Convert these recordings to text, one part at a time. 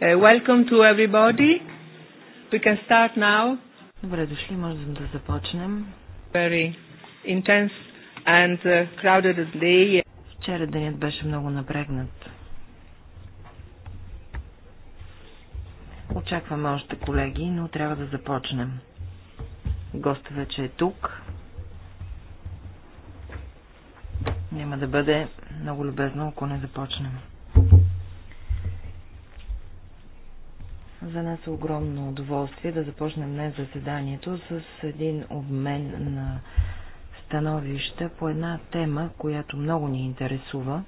Uh, welcome to everybody. We can start now. Добре дошли, можем да започнем. Very intense and uh, crowded day. Вчера денят беше много напрегнат. Очакваме още колеги, но трябва да започнем. Гост вече е тук. Няма да бъде много любезно, ако не започнем. За нас е огромно удоволствие да започнем днес заседанието с един обмен на становища по една тема, която много ни интересува,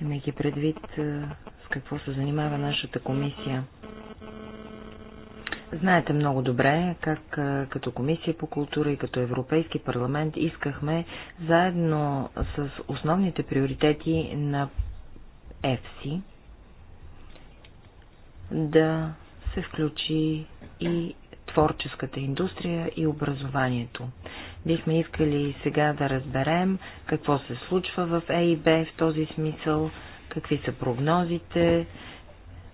имайки предвид е, с какво се занимава нашата комисия. Знаете много добре как е, като Комисия по култура и като Европейски парламент искахме заедно с основните приоритети на ЕФСИ да се включи и творческата индустрия и образованието. Бихме искали сега да разберем какво се случва в ЕИБ в този смисъл, какви са прогнозите,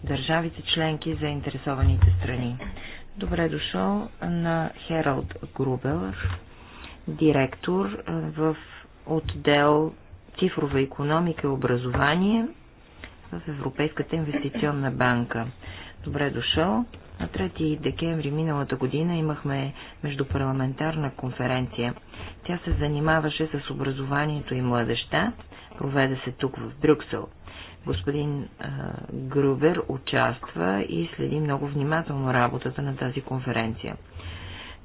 държавите членки, заинтересованите страни. Добре дошъл на Хералд Грубелър, директор в отдел цифрова економика и образование в Европейската инвестиционна банка. Добре дошъл. На 3 декември миналата година имахме междупарламентарна конференция. Тя се занимаваше с образованието и младеща. Проведе се тук в Брюксел. Господин а, Грубер участва и следи много внимателно работата на тази конференция.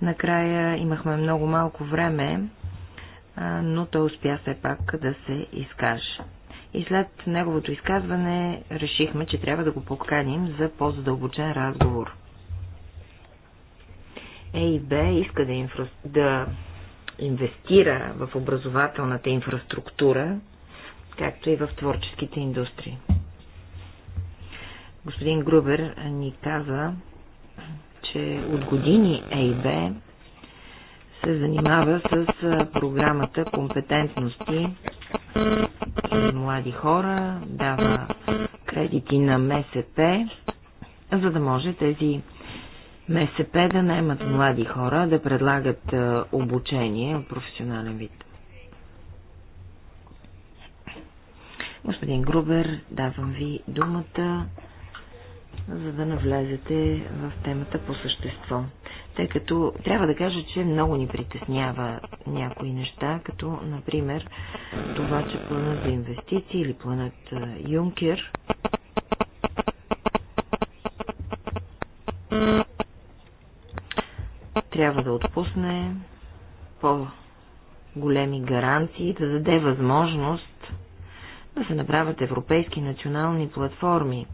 Накрая имахме много малко време, а, но той успя все пак да се изкаже и след неговото изказване решихме, че трябва да го поканим за по-задълбочен разговор. Е Б иска да, инфра... да инвестира в образователната инфраструктура, както и в творческите индустрии. Господин Грубер ни каза, че от години ЕИБ се занимава с програмата компетентности за млади хора, дава кредити на МСП, за да може тези МСП да наймат млади хора, да предлагат обучение от професионален вид. Господин Грубер, давам ви думата, за да навлезете в темата по същество тъй като трябва да кажа, че много ни притеснява някои неща, като, например, това, че планът за инвестиции или планът Юнкер трябва да отпусне по-големи гаранции, да даде възможност да се направят европейски национални платформи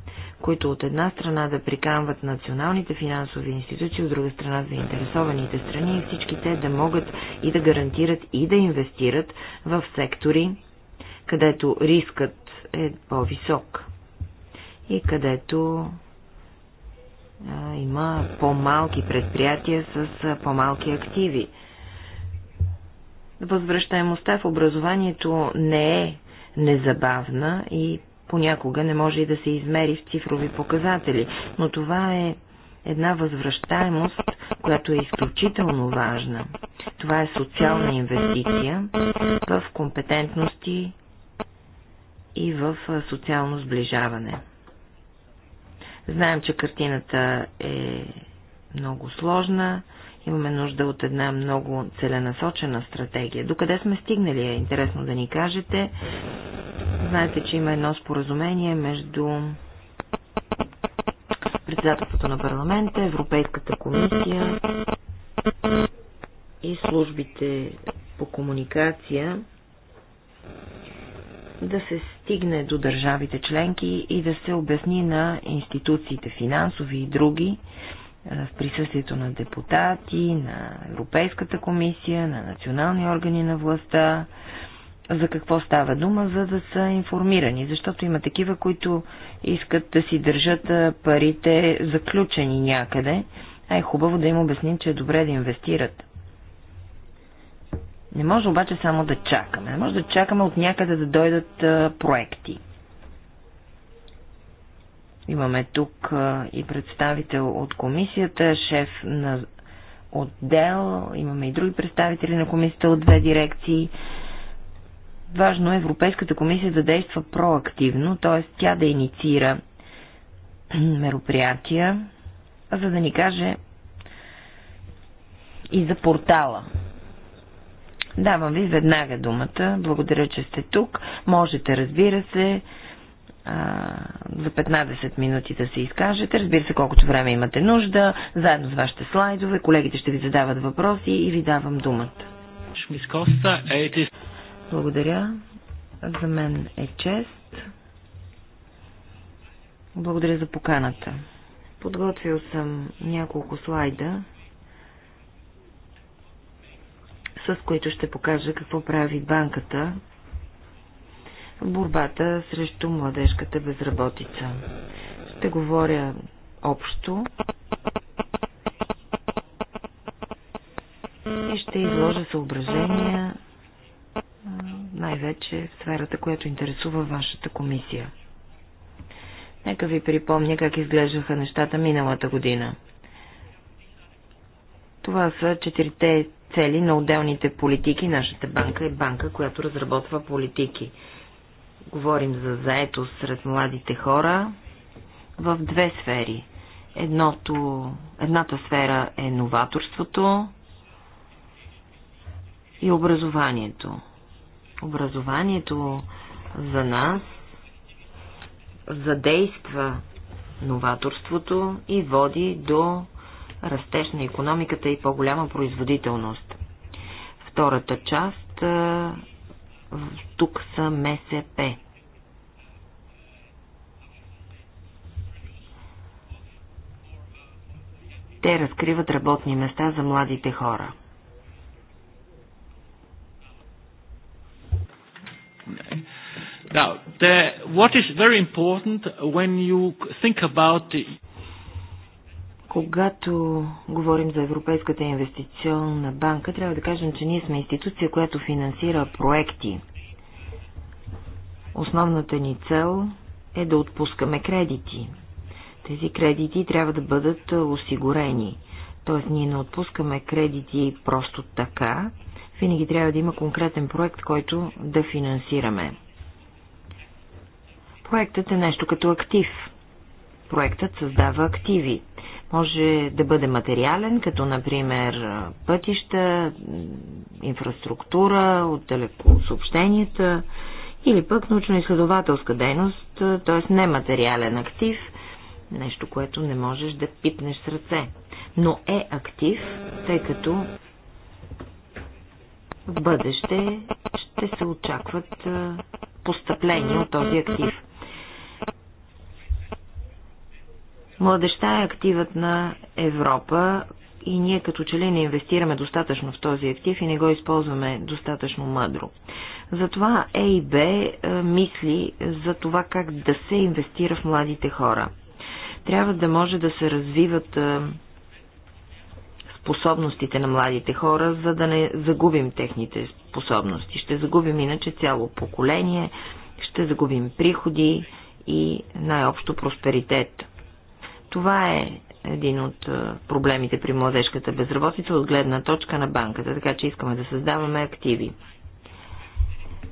които от една страна да приканват националните финансови институции, от друга страна заинтересованите страни и всички те да могат и да гарантират и да инвестират в сектори, където рискът е по-висок и където а, има по-малки предприятия с по-малки активи. Възвръщаемостта в образованието не е незабавна и понякога не може и да се измери в цифрови показатели, но това е една възвръщаемост, която е изключително важна. Това е социална инвестиция в компетентности и в социално сближаване. Знаем, че картината е много сложна, Имаме нужда от една много целенасочена стратегия. Докъде сме стигнали е интересно да ни кажете. Знаете, че има едно споразумение между председателството на парламента, Европейската комисия и службите по комуникация да се стигне до държавите членки и да се обясни на институциите, финансови и други, в присъствието на депутати, на Европейската комисия, на национални органи на властта, за какво става дума, за да са информирани, защото има такива, които искат да си държат парите заключени някъде, а е хубаво да им обясним, че е добре да инвестират. Не може обаче само да чакаме. Не може да чакаме от някъде да дойдат проекти. Имаме тук и представител от комисията, шеф на отдел, имаме и други представители на комисията от две дирекции. Важно е Европейската комисия да действа проактивно, т.е. тя да инициира мероприятия, за да ни каже и за портала. Давам ви веднага думата. Благодаря, че сте тук. Можете, разбира се, за 15 минути да се изкажете. Разбира се, колкото време имате нужда, заедно с вашите слайдове, колегите ще ви задават въпроси и ви давам думата. Е, Благодаря. За мен е чест. Благодаря за поканата. Подготвил съм няколко слайда, с които ще покажа какво прави банката борбата срещу младежката безработица. Ще говоря общо и ще изложа съображения най-вече в сферата, която интересува вашата комисия. Нека ви припомня как изглеждаха нещата миналата година. Това са четирите цели на отделните политики. Нашата банка е банка, която разработва политики. Говорим за заетост сред младите хора в две сфери. Едното, едната сфера е новаторството и образованието. Образованието за нас задейства новаторството и води до растеж на економиката и по-голяма производителност. Втората част е, тук са МСП. Те разкриват работни места за младите хора. Now, the, what is very important when you think about the когато говорим за Европейската инвестиционна банка, трябва да кажем, че ние сме институция, която финансира проекти. Основната ни цел е да отпускаме кредити. Тези кредити трябва да бъдат осигурени. Тоест, ние не отпускаме кредити просто така. Винаги трябва да има конкретен проект, който да финансираме. Проектът е нещо като актив. Проектът създава активи. Може да бъде материален, като например пътища, инфраструктура от телекосъобщенията или пък научно-изследователска дейност, т.е. нематериален актив, нещо, което не можеш да пипнеш с ръце. Но е актив, тъй като в бъдеще ще се очакват постъпления от този актив. Младеща е активът на Европа и ние като че ли не инвестираме достатъчно в този актив и не го използваме достатъчно мъдро. Затова е и Б е, мисли за това как да се инвестира в младите хора. Трябва да може да се развиват е, способностите на младите хора, за да не загубим техните способности. Ще загубим иначе цяло поколение, ще загубим приходи и най-общо просперитет. Това е един от е, проблемите при младежката безработица от гледна точка на банката, така че искаме да създаваме активи.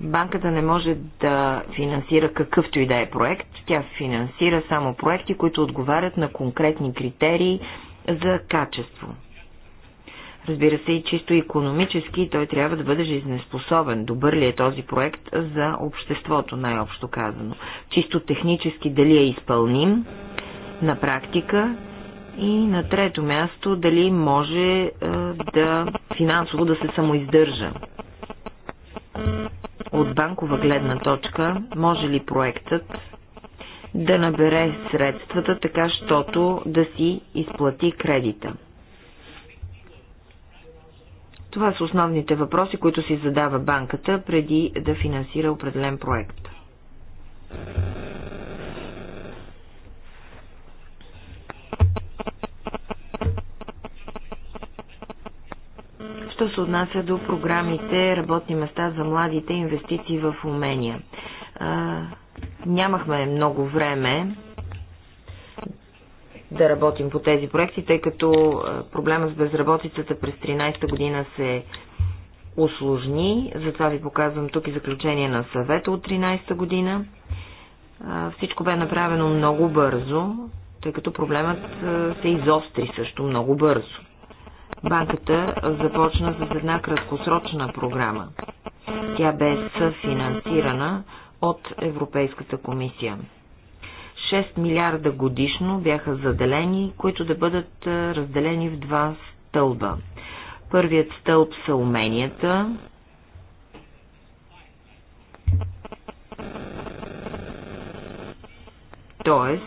Банката не може да финансира какъвто и да е проект. Тя финансира само проекти, които отговарят на конкретни критерии за качество. Разбира се, и чисто економически той трябва да бъде жизнеспособен. Добър ли е този проект за обществото, най-общо казано? Чисто технически дали е изпълним? на практика и на трето място дали може е, да финансово да се самоиздържа. От банкова гледна точка може ли проектът да набере средствата така, щото да си изплати кредита? Това са основните въпроси, които си задава банката преди да финансира определен проект. Що се отнася до програмите работни места за младите инвестиции в умения. А, нямахме много време да работим по тези проекти, тъй като проблема с безработицата през 13-та година се усложни. Затова ви показвам тук и заключение на съвета от 13-та година. Всичко бе направено много бързо, тъй като проблемът се изостри също много бързо. Банката започна с една краткосрочна програма. Тя бе съфинансирана от Европейската комисия. 6 милиарда годишно бяха заделени, които да бъдат разделени в два стълба. Първият стълб са уменията, т.е.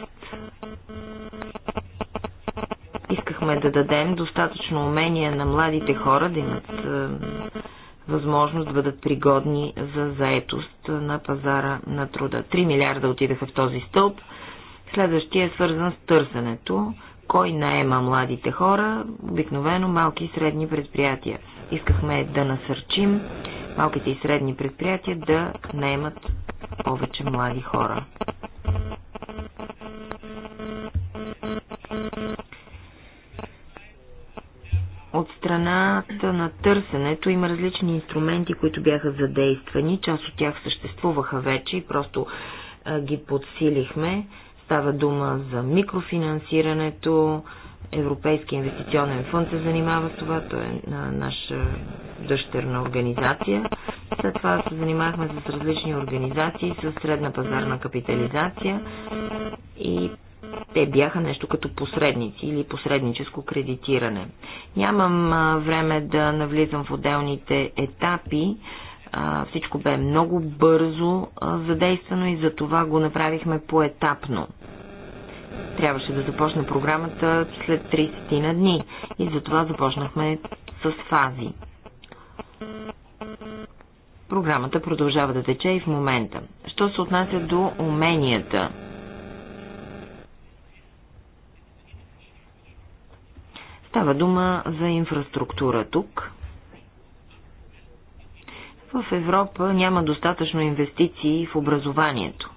искахме да дадем достатъчно умения на младите хора да имат е, възможност да бъдат пригодни за заетост на пазара на труда. 3 милиарда отидаха в този стълб. Следващия е свързан с търсенето. Кой наема младите хора? Обикновено малки и средни предприятия. Искахме да насърчим малките и средни предприятия да наемат повече млади хора. От страната на търсенето има различни инструменти, които бяха задействани. Част от тях съществуваха вече и просто а, ги подсилихме. Става дума за микрофинансирането. Европейски инвестиционен фонд се занимава с това. Той е на наша дъщерна организация. След това се занимахме с различни организации, с средна пазарна капитализация и те бяха нещо като посредници или посредническо кредитиране. Нямам време да навлизам в отделните етапи. Всичко бе много бързо задействано и за това го направихме поетапно. Трябваше да започне програмата след 30 на дни и затова започнахме с фази. Програмата продължава да тече и в момента. Що се отнася до уменията? Става дума за инфраструктура тук. В Европа няма достатъчно инвестиции в образованието.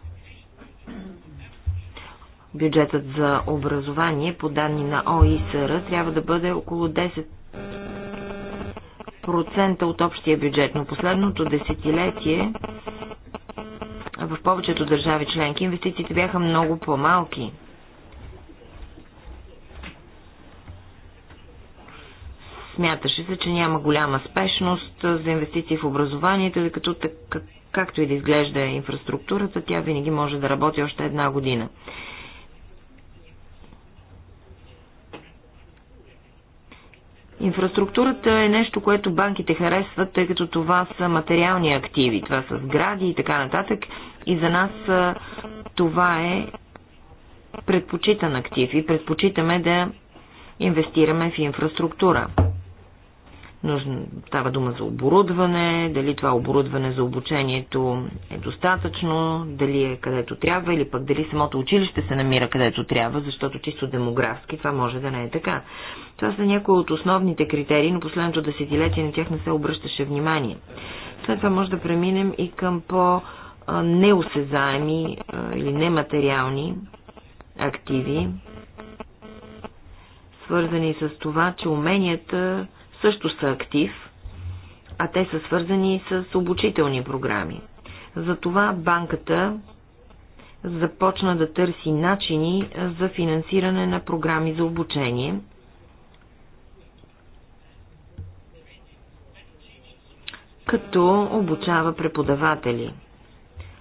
Бюджетът за образование, по данни на ОИСР, трябва да бъде около 10% от общия бюджет, но последното десетилетие в повечето държави членки инвестициите бяха много по-малки – Смяташе се, че няма голяма спешност за инвестиции в образованието, тъй като както и да изглежда инфраструктурата, тя винаги може да работи още една година. Инфраструктурата е нещо, което банките харесват, тъй като това са материални активи, това са сгради и така нататък. И за нас това е предпочитан актив и предпочитаме да инвестираме в инфраструктура. Нужно, става дума за оборудване, дали това оборудване за обучението е достатъчно, дали е където трябва или пък дали самото училище се намира където трябва, защото чисто демографски това може да не е така. Това са някои от основните критерии, но последното десетилетие на тях не се обръщаше внимание. След това може да преминем и към по-неосезаеми или нематериални активи, свързани с това, че уменията също са актив, а те са свързани с обучителни програми. Затова банката започна да търси начини за финансиране на програми за обучение. като обучава преподаватели.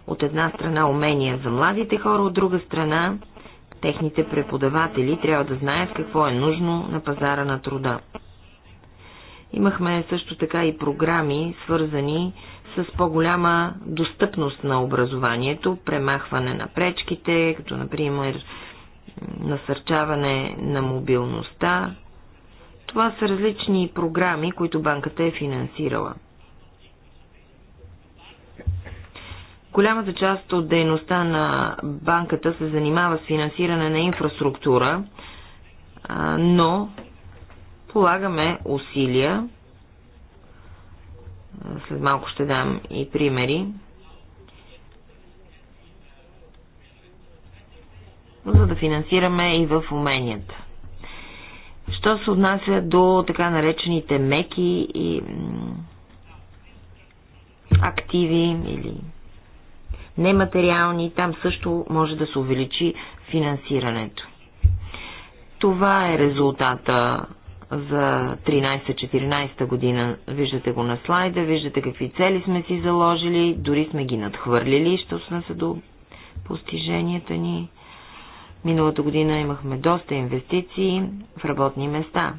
От една страна умения за младите хора, от друга страна техните преподаватели трябва да знаят какво е нужно на пазара на труда. Имахме също така и програми, свързани с по-голяма достъпност на образованието, премахване на пречките, като например насърчаване на мобилността. Това са различни програми, които банката е финансирала. Голямата част от дейността на банката се занимава с финансиране на инфраструктура, но полагаме усилия, след малко ще дам и примери, за да финансираме и в уменията. Що се отнася до така наречените меки и активи или нематериални, там също може да се увеличи финансирането. Това е резултата за 13-14 година. Виждате го на слайда, виждате какви цели сме си заложили, дори сме ги надхвърлили, що сме се до постиженията ни. Миналата година имахме доста инвестиции в работни места.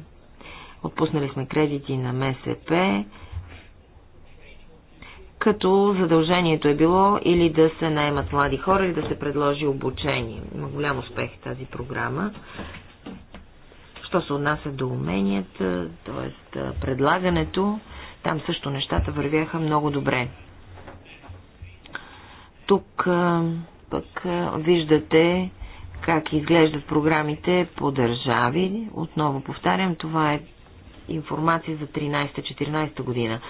Отпуснали сме кредити на МСП, като задължението е било или да се наймат млади хора, или да се предложи обучение. Има голям успех тази програма. Що се отнася до уменията, т.е. предлагането, там също нещата вървяха много добре. Тук пък виждате как изглеждат програмите по държави. Отново повтарям, това е информация за 13-14 година.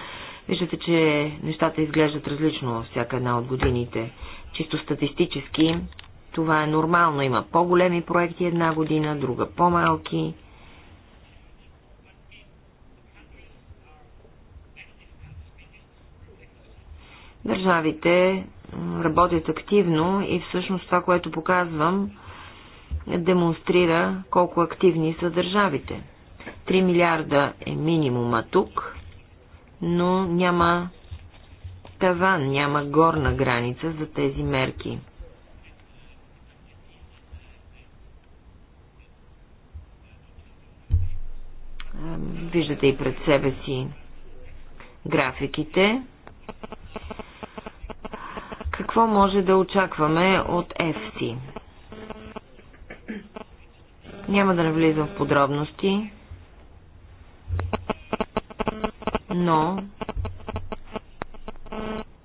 Виждате, че нещата изглеждат различно във всяка една от годините. Чисто статистически това е нормално. Има по-големи проекти една година, друга по-малки. Държавите работят активно и всъщност това, което показвам, демонстрира колко активни са държавите. 3 милиарда е минимума тук, но няма таван, няма горна граница за тези мерки. Виждате и пред себе си графиките. Какво може да очакваме от FC? Няма да навлизам в подробности, но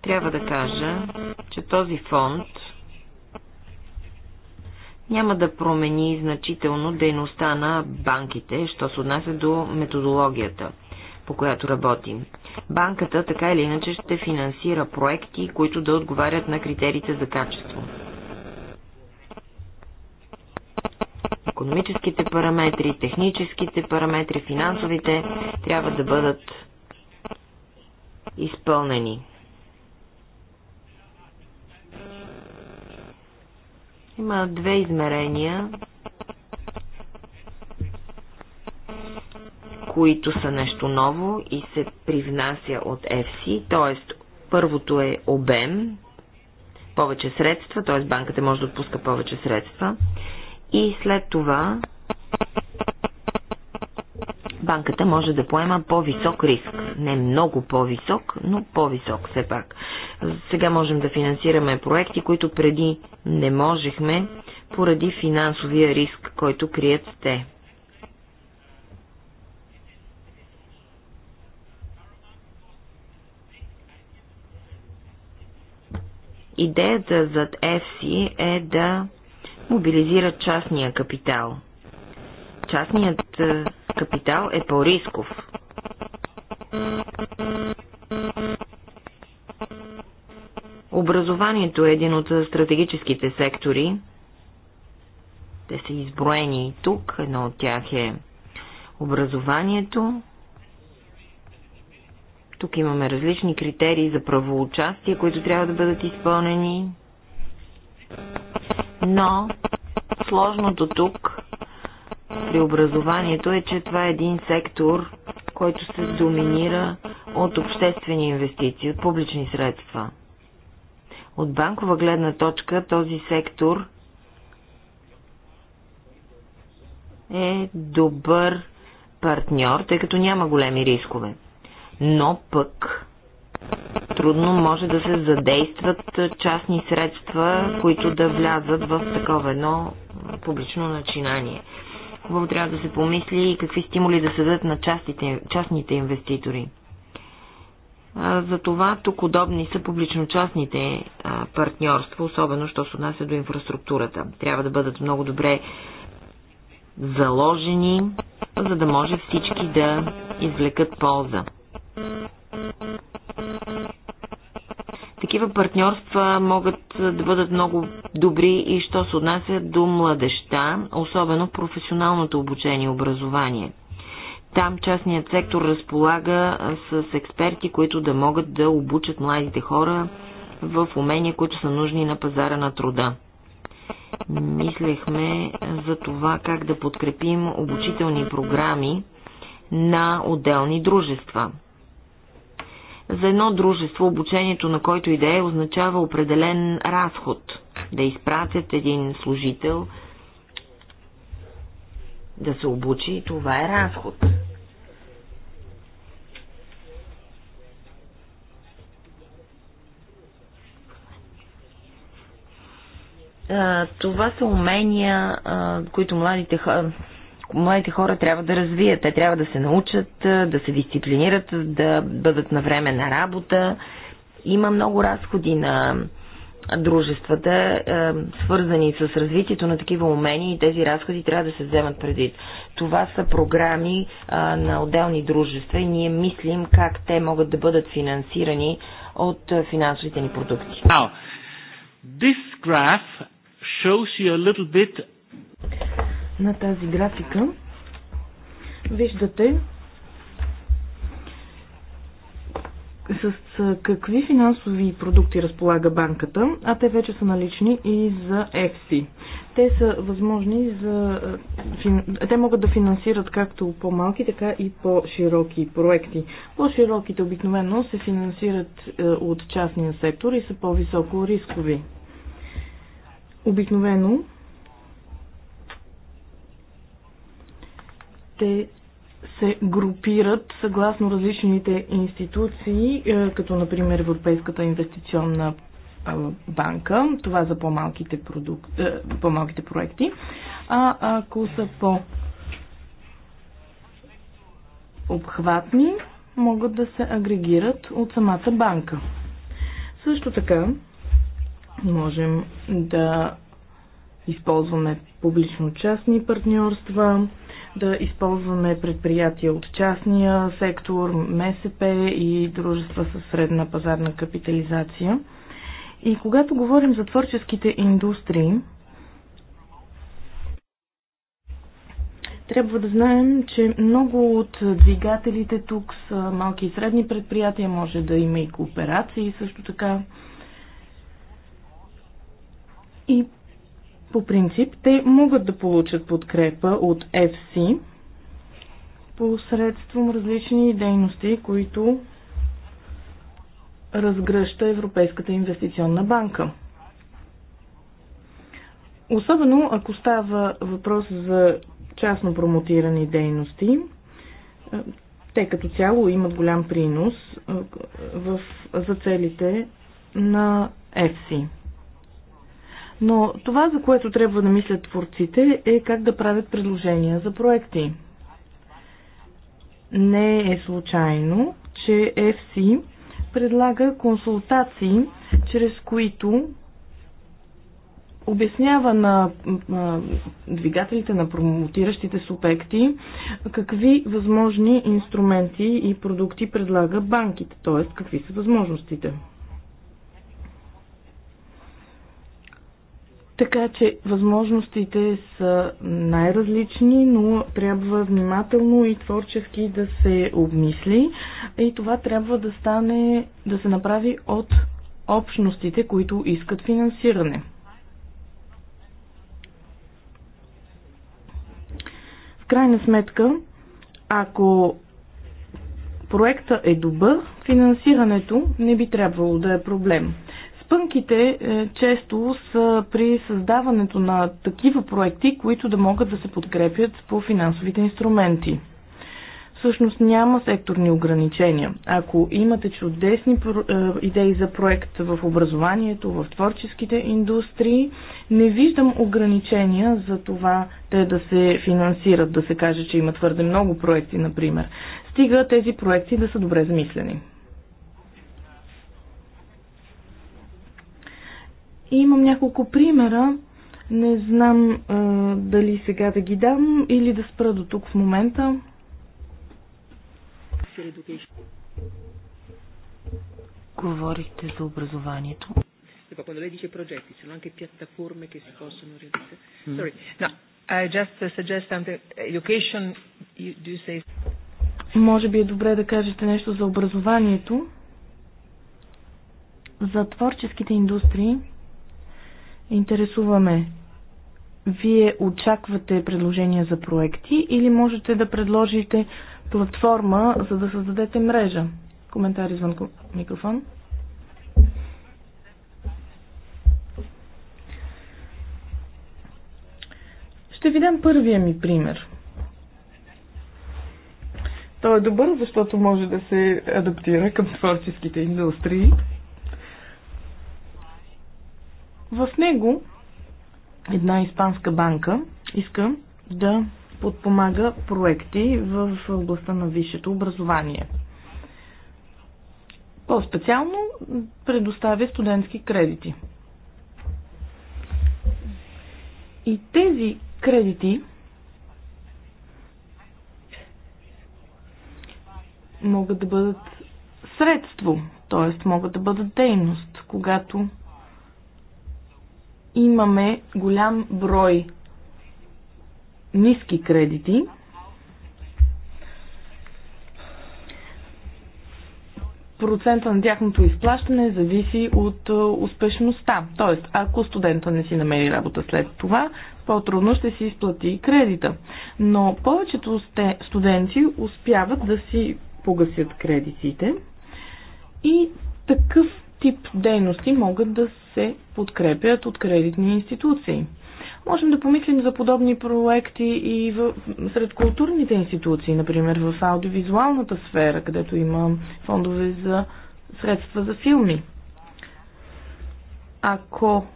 трябва да кажа, че този фонд няма да промени значително дейността на банките, що се отнася до методологията – по която работим. Банката така или иначе ще финансира проекти, които да отговарят на критериите за качество. Економическите параметри, техническите параметри, финансовите трябва да бъдат изпълнени. Има две измерения които са нещо ново и се привнася от FC, т.е. първото е обем, повече средства, т.е. банката може да отпуска повече средства и след това банката може да поема по-висок риск. Не много по-висок, но по-висок все пак. Сега можем да финансираме проекти, които преди не можехме поради финансовия риск, който крият те. Идеята зад ЕФСИ е да мобилизира частния капитал. Частният е, капитал е по-рисков. Образованието е един от стратегическите сектори. Те са изброени и тук. Едно от тях е образованието. Тук имаме различни критерии за правоучастие, които трябва да бъдат изпълнени. Но сложното тук при образованието е, че това е един сектор, който се доминира от обществени инвестиции, от публични средства. От банкова гледна точка този сектор е добър партньор, тъй като няма големи рискове но пък трудно може да се задействат частни средства, които да влязат в такова едно публично начинание. Хубаво трябва да се помисли и какви стимули да се дадат на частите, частните инвеститори. Затова тук удобни са публично-частните партньорства, особено що се отнася до инфраструктурата. Трябва да бъдат много добре заложени, за да може всички да извлекат полза. Такива партньорства могат да бъдат много добри и що се отнася до младеща, особено в професионалното обучение и образование. Там частният сектор разполага с експерти, които да могат да обучат младите хора в умения, които са нужни на пазара на труда. Мислехме за това как да подкрепим обучителни програми на отделни дружества. За едно дружество обучението на който идея, означава определен разход. Да изпратят един служител да се обучи, това е разход. това са умения, които младите хора, младите хора трябва да развият. Те трябва да се научат, да се дисциплинират, да бъдат на време на работа. Има много разходи на дружествата, свързани с развитието на такива умения и тези разходи трябва да се вземат предвид. Това са програми на отделни дружества и ние мислим как те могат да бъдат финансирани от финансовите ни продукти. Now, this graph shows you a little bit на тази графика виждате с какви финансови продукти разполага банката, а те вече са налични и за EFSI. Те са възможни за... Те могат да финансират както по-малки, така и по-широки проекти. По-широките обикновено се финансират е, от частния сектор и са по-високо рискови. Обикновено те се групират съгласно различните институции, е, като например Европейската инвестиционна банка, това за по-малките, продук... Е, по-малките проекти, а ако са по обхватни, могат да се агрегират от самата банка. Също така можем да използваме публично-частни партньорства, да използваме предприятия от частния сектор, МСП и дружества със средна пазарна капитализация. И когато говорим за творческите индустрии, трябва да знаем, че много от двигателите тук са малки и средни предприятия, може да има и кооперации също така. И по принцип, те могат да получат подкрепа от FC посредством различни дейности, които разгръща Европейската инвестиционна банка. Особено ако става въпрос за частно промотирани дейности, те като цяло имат голям принос в, за целите на ЕФСИ. Но това, за което трябва да мислят творците, е как да правят предложения за проекти. Не е случайно, че FC предлага консултации, чрез които обяснява на двигателите, на промотиращите субекти, какви възможни инструменти и продукти предлага банките, т.е. какви са възможностите. Така че възможностите са най-различни, но трябва внимателно и творчески да се обмисли и това трябва да стане, да се направи от общностите, които искат финансиране. В крайна сметка, ако проекта е добър, финансирането не би трябвало да е проблем спънките е, често са при създаването на такива проекти, които да могат да се подкрепят по финансовите инструменти. Всъщност няма секторни ограничения. Ако имате чудесни е, идеи за проект в образованието, в творческите индустрии, не виждам ограничения за това те да се финансират, да се каже, че има твърде много проекти, например. Стига тези проекти да са добре замислени. И имам няколко примера. Не знам а, дали сега да ги дам или да спра до тук в момента. Говорихте за образованието. Mm. Може би е добре да кажете нещо за образованието, за творческите индустрии интересуваме. Вие очаквате предложения за проекти или можете да предложите платформа, за да създадете мрежа? Коментар извън микрофон. Ще ви дам първия ми пример. Той е добър, защото може да се адаптира към творческите индустрии. В него една испанска банка иска да подпомага проекти в областта на висшето образование. По-специално предоставя студентски кредити. И тези кредити могат да бъдат средство, т.е. могат да бъдат дейност, когато имаме голям брой ниски кредити. Процента на тяхното изплащане зависи от е, успешността. Тоест, ако студента не си намери работа след това, по-трудно ще си изплати кредита. Но повечето студенти успяват да си погасят кредитите и такъв тип дейности могат да се подкрепят от кредитни институции. Можем да помислим за подобни проекти и в, сред културните институции, например в аудиовизуалната сфера, където има фондове за средства за филми. Ако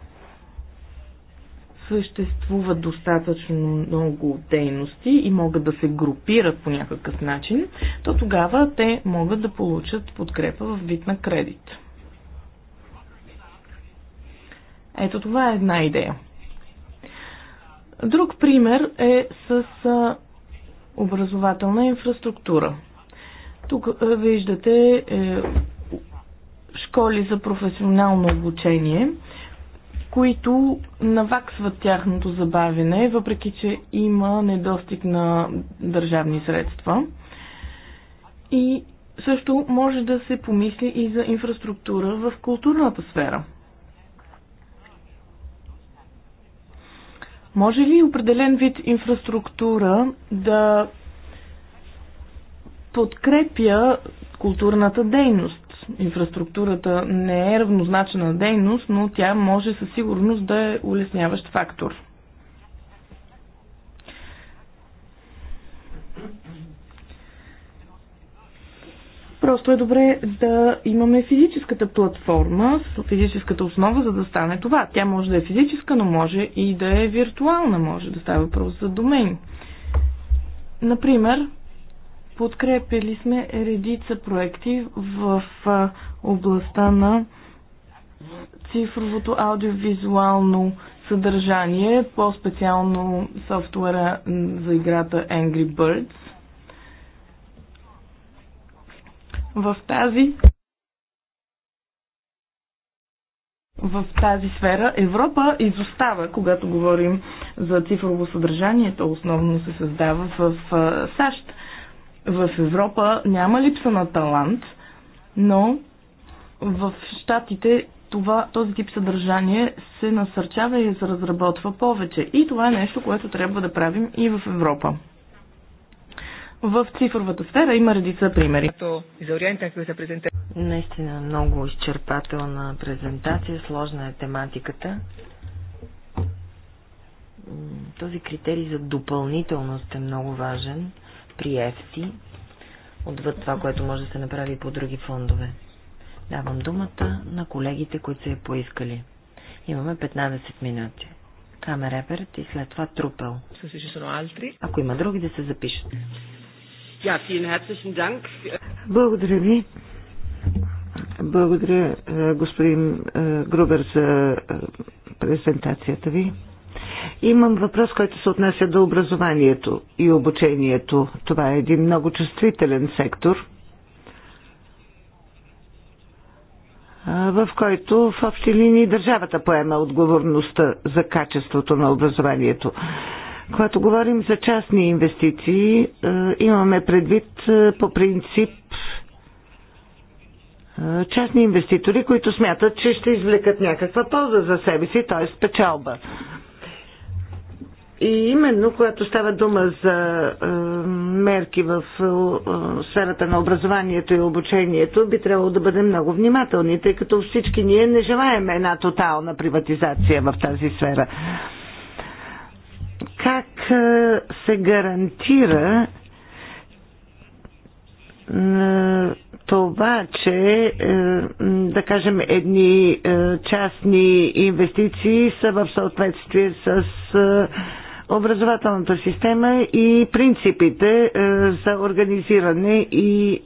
съществуват достатъчно много дейности и могат да се групират по някакъв начин, то тогава те могат да получат подкрепа в вид на кредит. Ето това е една идея. Друг пример е с образователна инфраструктура. Тук виждате е, школи за професионално обучение, които наваксват тяхното забавене, въпреки че има недостиг на държавни средства. И също може да се помисли и за инфраструктура в културната сфера – Може ли определен вид инфраструктура да подкрепя културната дейност? Инфраструктурата не е равнозначна дейност, но тя може със сигурност да е улесняващ фактор. Просто е добре да имаме физическата платформа, физическата основа, за да стане това. Тя може да е физическа, но може и да е виртуална, може да става въпрос за домени. Например, подкрепили сме редица проекти в областта на цифровото аудиовизуално съдържание, по-специално софтуера за играта Angry Birds. в тази в тази сфера Европа изостава, когато говорим за цифрово съдържание, то основно се създава в САЩ. В Европа няма липса на талант, но в Штатите това, този тип съдържание се насърчава и се разработва повече. И това е нещо, което трябва да правим и в Европа в цифровата сфера има редица примери. Наистина много изчерпателна презентация, сложна е тематиката. Този критерий за допълнителност е много важен при ЕФСИ, отвъд това, което може да се направи по други фондове. Давам думата на колегите, които са я поискали. Имаме 15 минути. Камер Еперт и след това Трупел. Ако има други, да се запишат. Ja, vielen herzlichen Dank. Благодаря ви. Благодаря, е, господин е, Грубер, за е, презентацията ви. Имам въпрос, който се отнася до образованието и обучението. Това е един много чувствителен сектор, в който в общи линии държавата поема отговорността за качеството на образованието. Когато говорим за частни инвестиции, е, имаме предвид е, по принцип е, частни инвеститори, които смятат, че ще извлекат някаква полза за себе си, т.е. печалба. И именно, когато става дума за е, мерки в е, сферата на образованието и обучението, би трябвало да бъдем много внимателни, тъй като всички ние не желаем една тотална приватизация в тази сфера. Е, как се гарантира това, че да кажем едни частни инвестиции са в съответствие с образователната система и принципите за организиране и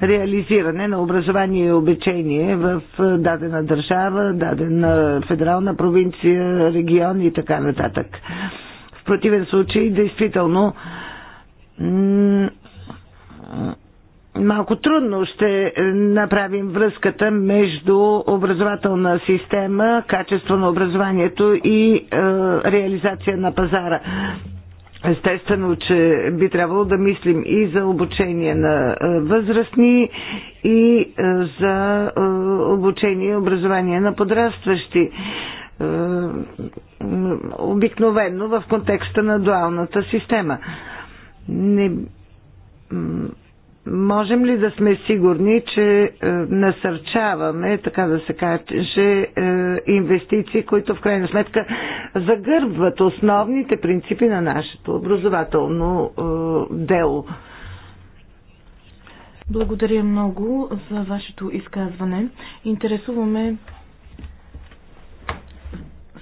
реализиране на образование и обучение в е, дадена държава, дадена федерална провинция, регион и така нататък. В противен случай, действително, малко трудно ще направим връзката между образователна система, качество на образованието и е, реализация на пазара. Естествено, че би трябвало да мислим и за обучение на е, възрастни, и е, за е, обучение и образование на подрастващи. Обикновено в контекста на дуалната система. Не Можем ли да сме сигурни, че е, насърчаваме, така да се каже, е, инвестиции, които в крайна сметка загърбват основните принципи на нашето образователно е, дело? Благодаря много за вашето изказване. Интересуваме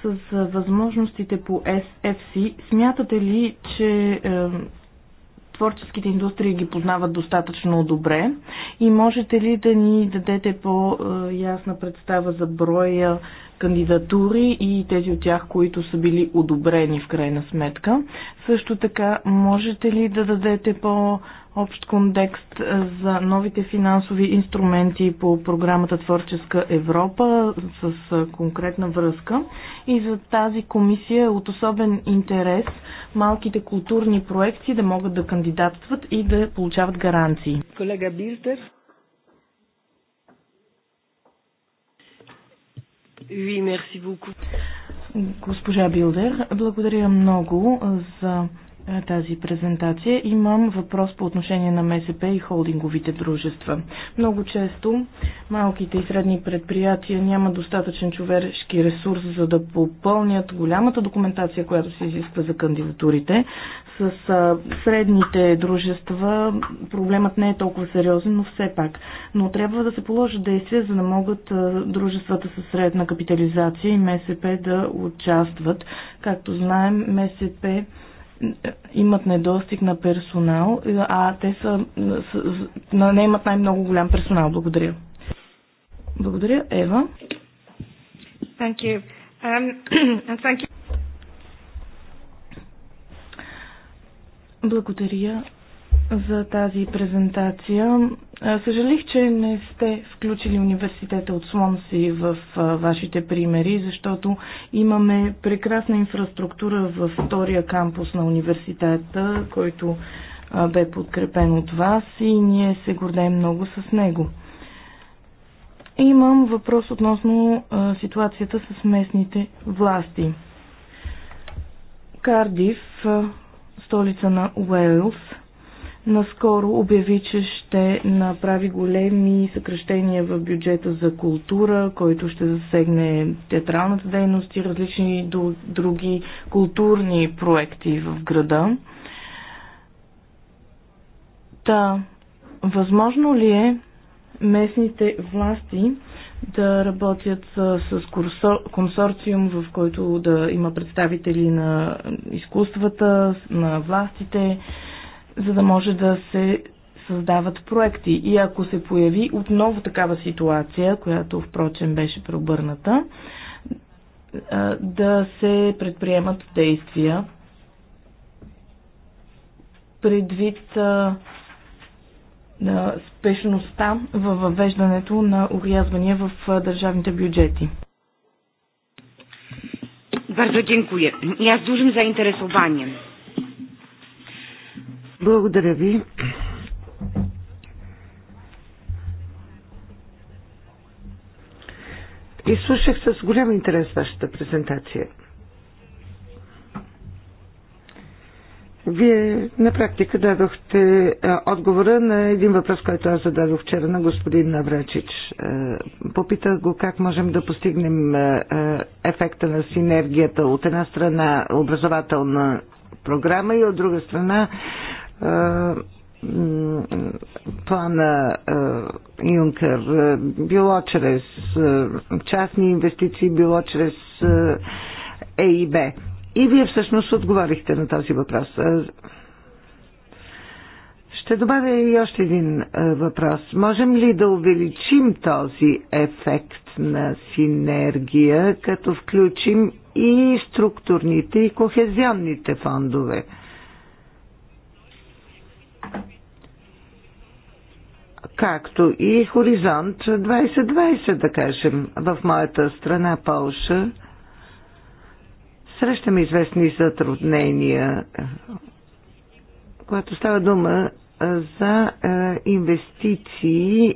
с възможностите по SFC. Смятате ли, че творческите индустрии ги познават достатъчно добре. И можете ли да ни дадете по-ясна е, представа за броя кандидатури и тези от тях, които са били одобрени в крайна сметка. Също така, можете ли да дадете по общ контекст за новите финансови инструменти по програмата Творческа Европа с конкретна връзка. И за тази комисия от особен интерес малките културни проекти да могат да кандидатстват и да получават гаранции. Колега Билдер. Oui, merci beaucoup. Госпожа Билдер, благодаря много за е, тази презентация. Имам въпрос по отношение на МСП и холдинговите дружества. Много често малките и средни предприятия няма достатъчен човешки ресурс, за да попълнят голямата документация, която се изисква за кандидатурите с средните дружества проблемът не е толкова сериозен, но все пак. Но трябва да се положат действия, за да могат дружествата с средна капитализация и МСП да участват. Както знаем, МСП е, имат недостиг на персонал, а те са, не имат най-много голям персонал. Благодаря. Благодаря, Ева. Thank you. Um, and thank you. Благодаря за тази презентация. Съжалих, че не сте включили университета от Слонси в вашите примери, защото имаме прекрасна инфраструктура във втория кампус на университета, който бе подкрепен от вас и ние се гордеем много с него. Имам въпрос относно ситуацията с местните власти. Кардив столица на Уелс, наскоро обяви, че ще направи големи съкръщения в бюджета за култура, който ще засегне театралната дейност и различни други културни проекти в града. Та, възможно ли е местните власти да работят с консорциум, в който да има представители на изкуствата, на властите, за да може да се създават проекти. И ако се появи отново такава ситуация, която впрочем беше преобърната, да се предприемат действия предвид спешността във въвеждането на урязвания в държавните бюджети. Bardzo dziękuję. Ja дължим за интересование. Благодаря ви. Изслушах с голям интерес вашата презентация. Вие на практика дадохте отговора на един въпрос, който аз зададох вчера на господин Наврачич. Попитах го как можем да постигнем ефекта на синергията от една страна образователна програма и от друга страна плана Юнкър, било чрез частни инвестиции, било чрез ЕИБ. И вие всъщност отговорихте на този въпрос. Ще добавя и още един въпрос. Можем ли да увеличим този ефект на синергия, като включим и структурните и кохезионните фондове? Както и Хоризонт 2020, да кажем, в моята страна Полша – срещаме известни затруднения, когато става дума за инвестиции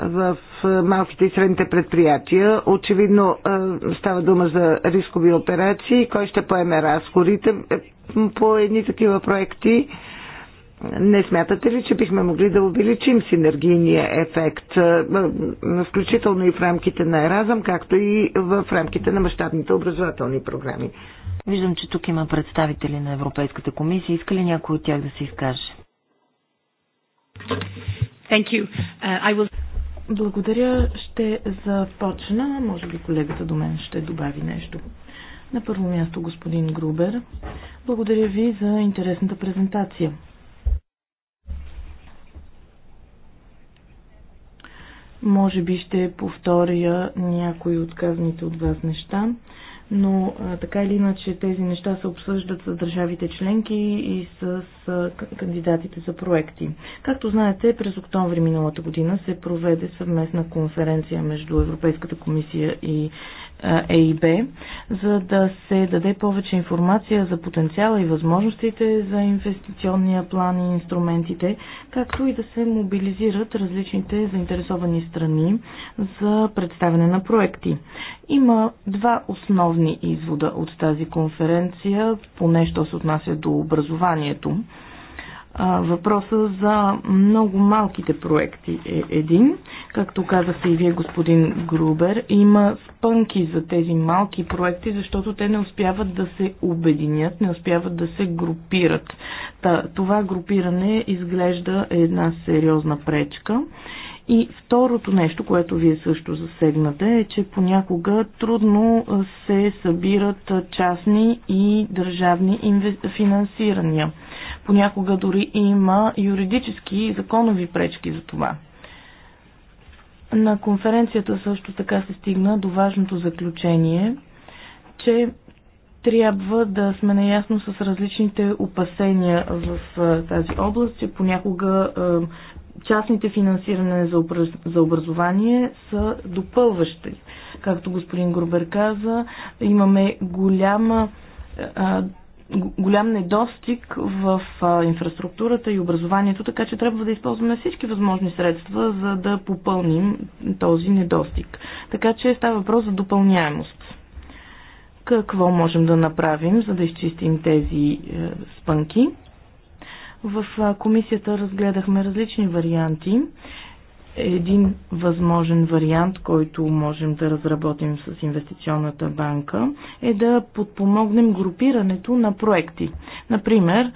в малките и средните предприятия. Очевидно става дума за рискови операции. Кой ще поеме разходите по едни такива проекти? Не смятате ли, че бихме могли да увеличим синергийния ефект, включително и в рамките на Еразъм, както и в рамките на мащабните образователни програми? Виждам, че тук има представители на Европейската комисия. Иска ли някой от тях да се изкаже? Thank you. Uh, I will... Благодаря. Ще започна. Може би колегата до мен ще добави нещо. На първо място господин Грубер. Благодаря ви за интересната презентация. Може би ще повторя някои от казаните от вас неща, но а, така или иначе тези неща се обсъждат с държавите членки и с а, кандидатите за проекти. Както знаете, през октомври миналата година се проведе съвместна конференция между Европейската комисия и и Б, за да се даде повече информация за потенциала и възможностите за инвестиционния план и инструментите, както и да се мобилизират различните заинтересовани страни за представяне на проекти. Има два основни извода от тази конференция, поне що се отнася до образованието. Въпроса за много малките проекти е един. Както казахте и вие, господин Грубер, има спънки за тези малки проекти, защото те не успяват да се обединят, не успяват да се групират. това групиране изглежда една сериозна пречка. И второто нещо, което вие също засегнате, е, че понякога трудно се събират частни и държавни финансирания. Понякога дори има юридически и законови пречки за това. На конференцията също така се стигна до важното заключение, че трябва да сме наясно с различните опасения в тази област, че понякога частните финансиране за, образование са допълващи. Както господин Грубер каза, имаме голяма голям недостиг в инфраструктурата и образованието, така че трябва да използваме всички възможни средства, за да попълним този недостиг. Така че става въпрос за допълняемост. Какво можем да направим, за да изчистим тези е, спънки? В комисията разгледахме различни варианти един възможен вариант, който можем да разработим с инвестиционната банка, е да подпомогнем групирането на проекти. Например,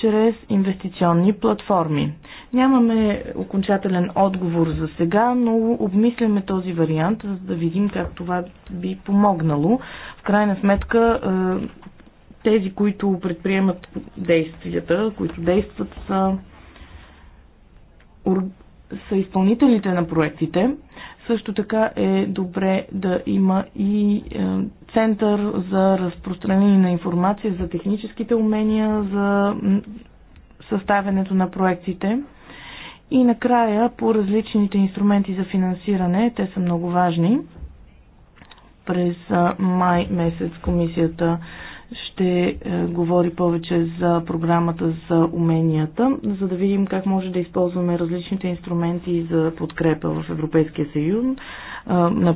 чрез инвестиционни платформи. Нямаме окончателен отговор за сега, но обмисляме този вариант, за да видим как това би помогнало. В крайна сметка, е, тези, които предприемат действията, които действат, са са изпълнителите на проектите. Също така е добре да има и е, център за разпространение на информация за техническите умения, за съставянето на проектите. И накрая по различните инструменти за финансиране, те са много важни. През май месец комисията ще е, говори повече за програмата за уменията, за да видим как може да използваме различните инструменти за подкрепа в Европейския съюз. Е,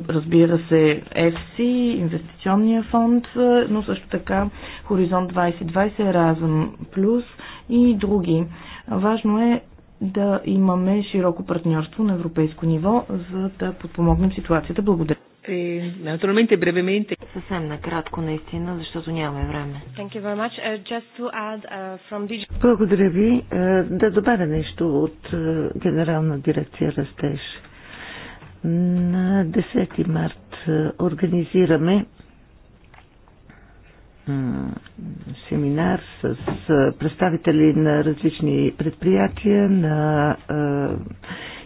разбира се, ЕФСИ, инвестиционния фонд, е, но също така Хоризонт 2020, Еразъм Плюс и други. Важно е да имаме широко партньорство на европейско ниво, за да подпомогнем ситуацията. Благодаря. Ще, naturalmente, brevemente. Съвсем накратко, наистина, защото нямаме време. Благодаря ви. Е, да добавя нещо от е, Генерална дирекция Растеж. На 10 март е, организираме семинар с представители на различни предприятия, на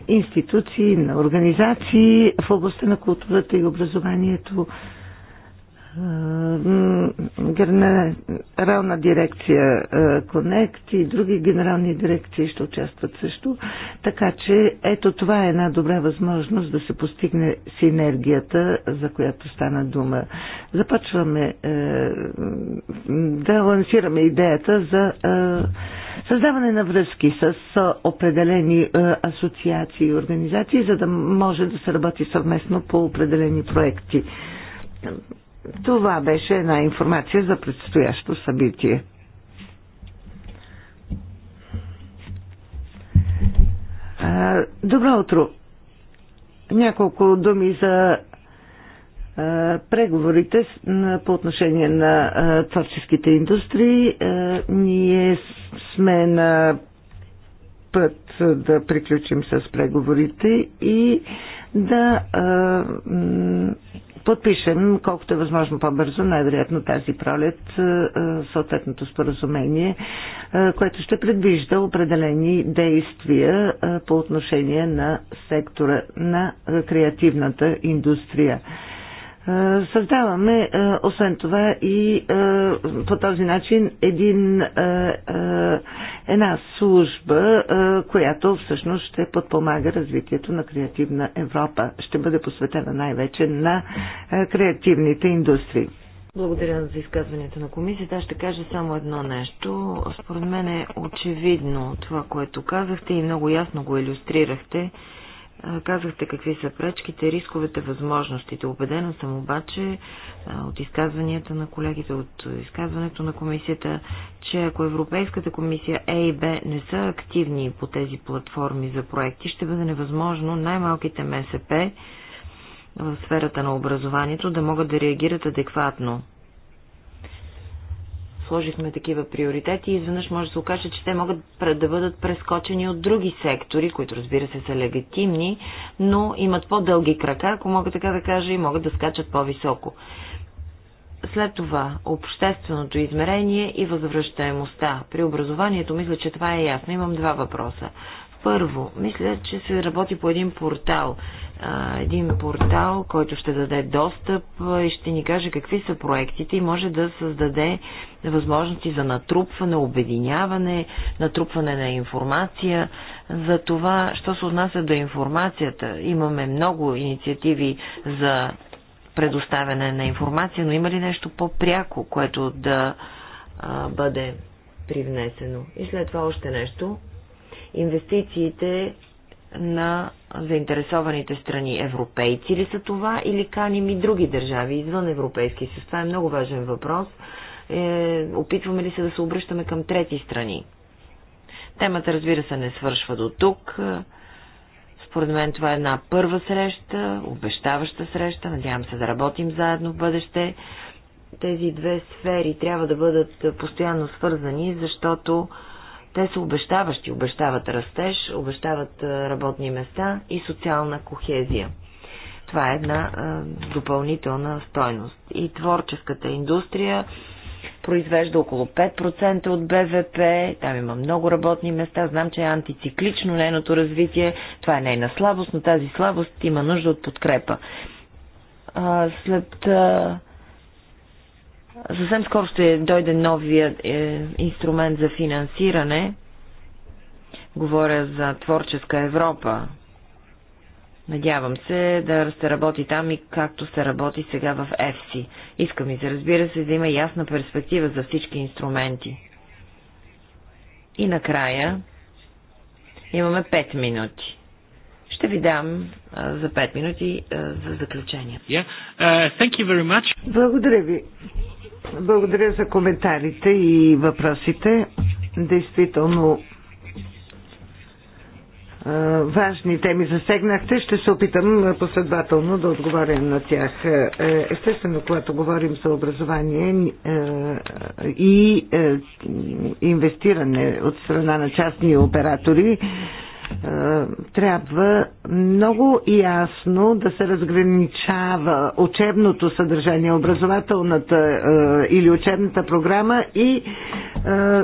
институции, на организации в областта на културата и образованието. Генерална дирекция Connect и други генерални дирекции ще участват също. Така че ето това е една добра възможност да се постигне синергията, за която стана дума. Започваме е, да лансираме идеята за е, създаване на връзки с определени е, асоциации и организации, за да може да се работи съвместно по определени проекти. Това беше една информация за предстоящо събитие. Е, добро утро! Няколко думи за преговорите по отношение на творческите индустрии. Ние сме на път да приключим с преговорите и да подпишем колкото е възможно по-бързо, най-вероятно тази пролет, съответното споразумение, което ще предвижда определени действия по отношение на сектора на креативната индустрия. Е, създаваме, е, освен това, и е, по този начин един, една служба, която всъщност ще подпомага развитието на креативна Европа. Ще бъде посветена най-вече на креативните индустрии. Благодаря за изказването на комисията. Аз ще кажа само едно нещо. Според мен е очевидно това, което казахте и много ясно го иллюстрирахте Казахте какви са пречките, рисковете, възможностите. Обедена съм обаче от изказванията на колегите, от изказването на комисията, че ако Европейската комисия Е и Б не са активни по тези платформи за проекти, ще бъде невъзможно най-малките МСП в сферата на образованието да могат да реагират адекватно сложихме такива приоритети и изведнъж може да се окаже, че те могат да бъдат прескочени от други сектори, които разбира се са легитимни, но имат по-дълги крака, ако мога така да кажа, и могат да скачат по-високо. След това общественото измерение и възвръщаемостта. При образованието мисля, че това е ясно. Имам два въпроса. Първо, мисля, че се работи по един портал един портал, който ще даде достъп и ще ни каже какви са проектите и може да създаде възможности за натрупване, обединяване, натрупване на информация. За това, що се отнася до информацията, имаме много инициативи за предоставяне на информация, но има ли нещо по-пряко, което да а, бъде привнесено? И след това още нещо. Инвестициите на заинтересованите страни. Европейци ли са това или каним и други държави извън Европейски съюз? Това е много важен въпрос. Е, опитваме ли се да се обръщаме към трети страни? Темата, разбира се, не свършва до тук. Според мен това е една първа среща, обещаваща среща. Надявам се да работим заедно в бъдеще. Тези две сфери трябва да бъдат постоянно свързани, защото те са обещаващи, обещават растеж, обещават работни места и социална кохезия. Това е една допълнителна стойност. И творческата индустрия произвежда около 5% от БВП, там има много работни места, знам, че е антициклично нейното развитие, това е нейна слабост, но тази слабост има нужда от подкрепа. след Съвсем скоро ще дойде новия е, инструмент за финансиране. Говоря за творческа Европа. Надявам се да се работи там и както се работи сега в ЕФСИ. Искам и се разбира се да има ясна перспектива за всички инструменти. И накрая имаме 5 минути. Ще ви дам а, за 5 минути а, за заключение. Yeah. Uh, Благодаря ви. Благодаря за коментарите и въпросите. Действително важни теми засегнахте. Ще се опитам последователно да отговоря на тях. Е, естествено, когато говорим за образование е, и е, инвестиране от страна на частни оператори, е, трябва много ясно да се разграничава учебното съдържание, образователната е, или учебната програма и е,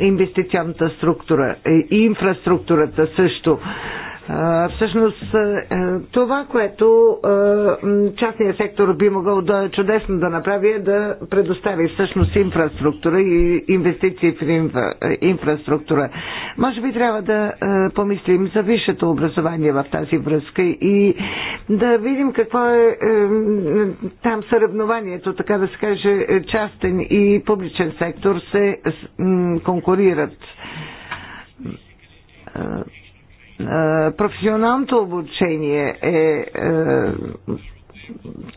инвестиционната структура и инфраструктурата също. Всъщност е, е, това, което е, частният сектор би могъл да чудесно да направи е да предостави всъщност инфраструктура и инвестиции в инфраструктура. Може би трябва да помислим за висшето образование в тази връзка и да видим какво е там съревнованието, така да се каже, частен и публичен сектор се конкурират е, професионалното обучение е, е,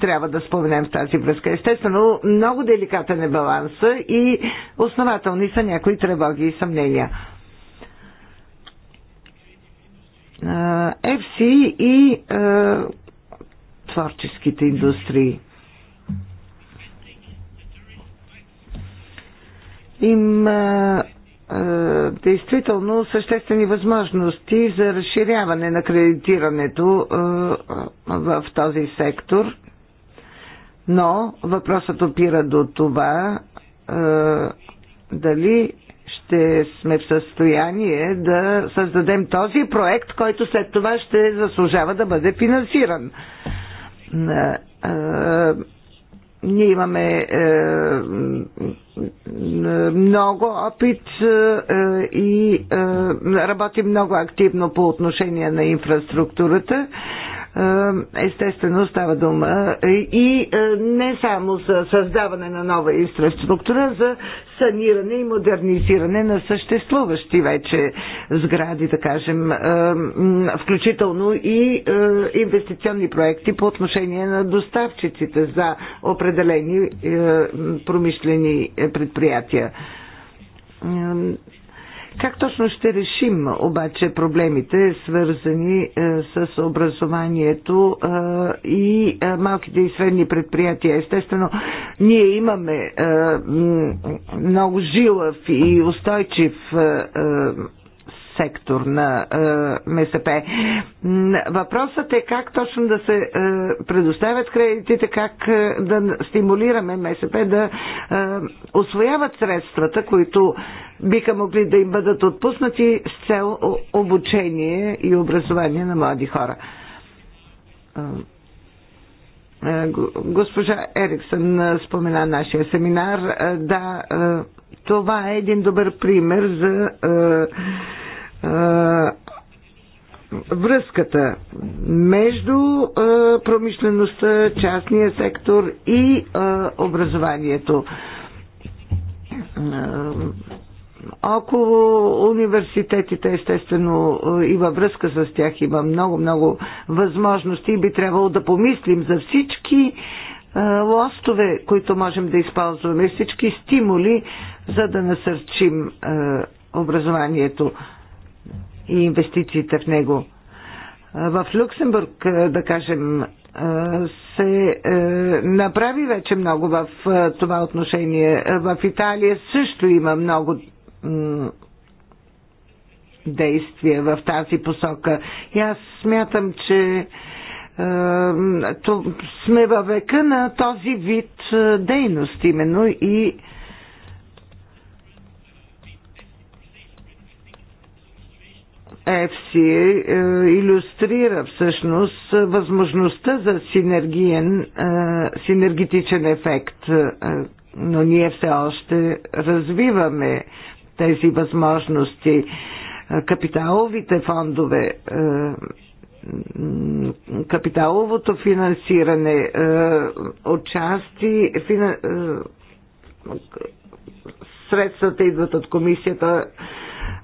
трябва да споменем в тази връзка. Естествено, много деликатен е баланса и основателни са някои тревоги и съмнения. FC е, и творческите индустрии. Им е, действително съществени възможности за разширяване на кредитирането е, в този сектор. Но въпросът опира до това е, дали ще сме в състояние да създадем този проект, който след това ще заслужава да бъде финансиран ние имаме е, много опит е, и е, работим много активно по отношение на инфраструктурата. Е, е, естествено става дума и е, не само за създаване на нова инфраструктура, за саниране и модернизиране на съществуващи вече сгради, да кажем, е, включително и инвестиционни проекти по отношение на доставчиците за определени промишлени предприятия как точно ще решим обаче проблемите, свързани е, с образованието е, и е, малките и средни предприятия? Естествено, ние имаме много жилъв и устойчив сектор на е, МСП. Въпросът е как точно да се е, предоставят кредитите, как е, да стимулираме МСП да освояват средствата, които биха могли да им бъдат отпуснати с цел обучение и образование на млади хора. Госпожа Ериксън спомена нашия семинар. Да, това е един добър пример за връзката между промишлеността, частния сектор и образованието. Около университетите, естествено, и във връзка с тях има много-много възможности и би трябвало да помислим за всички лостове, които можем да използваме, всички стимули, за да насърчим образованието и инвестициите в него. В Люксембург, да кажем, се направи вече много в това отношение. В Италия също има много действия в тази посока. И аз смятам, че сме във века на този вид дейност именно и ЕФСИ е, иллюстрира всъщност възможността за синергиен, е, синергетичен ефект, е, но ние все още развиваме тези възможности. Капиталовите фондове, капиталовото финансиране, отчасти средствата идват от комисията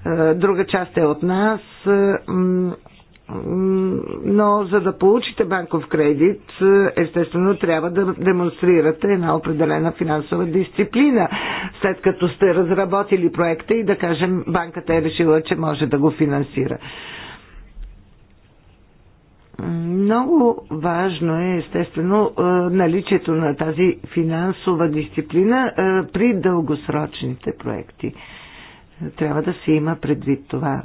е, друга част е от нас. Е, но за да получите банков кредит, естествено трябва да демонстрирате една определена финансова дисциплина, след като сте разработили проекта и да кажем банката е решила, че може да го финансира. Много важно е, естествено, е, наличието на тази финансова дисциплина при дългосрочните проекти. Трябва да се има предвид това.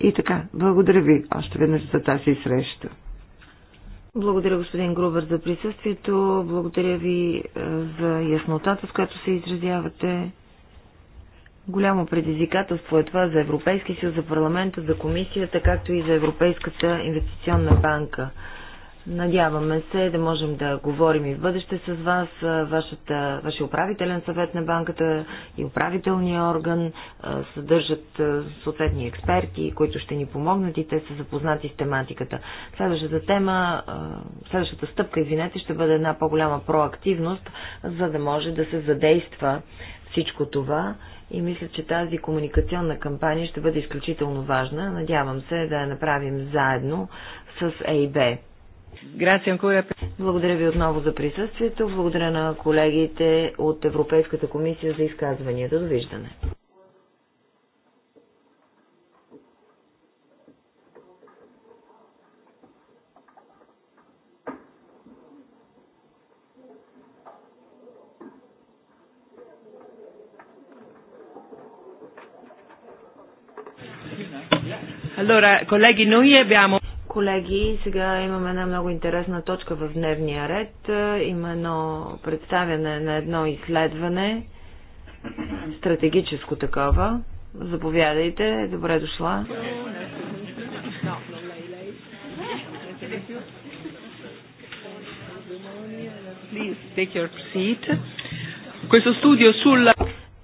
И така, благодаря ви още веднъж за тази среща. Благодаря, господин Грубър, за присъствието. Благодаря ви е, за яснотата, с която се изразявате. Голямо предизвикателство е това за Европейски съюз, за парламента, за комисията, както и за Европейската инвестиционна банка. Надяваме се да можем да говорим и в бъдеще с вас. Вашата, вашия управителен съвет на банката и управителния орган съдържат съответни експерти, които ще ни помогнат и те са запознати с тематиката. Следващата тема, следващата стъпка, извинете, ще бъде една по-голяма проактивност, за да може да се задейства всичко това и мисля, че тази комуникационна кампания ще бъде изключително важна. Надявам се да я направим заедно с ЕИБ. Благодаря ви отново за присъствието. Благодаря на колегите от Европейската комисия за изказванията. Довиждане. Allora, colleghi, noi abbiamo Колеги, сега имаме една много интересна точка в дневния ред. Е, има едно представяне на едно изследване, стратегическо такова. Заповядайте, добре дошла.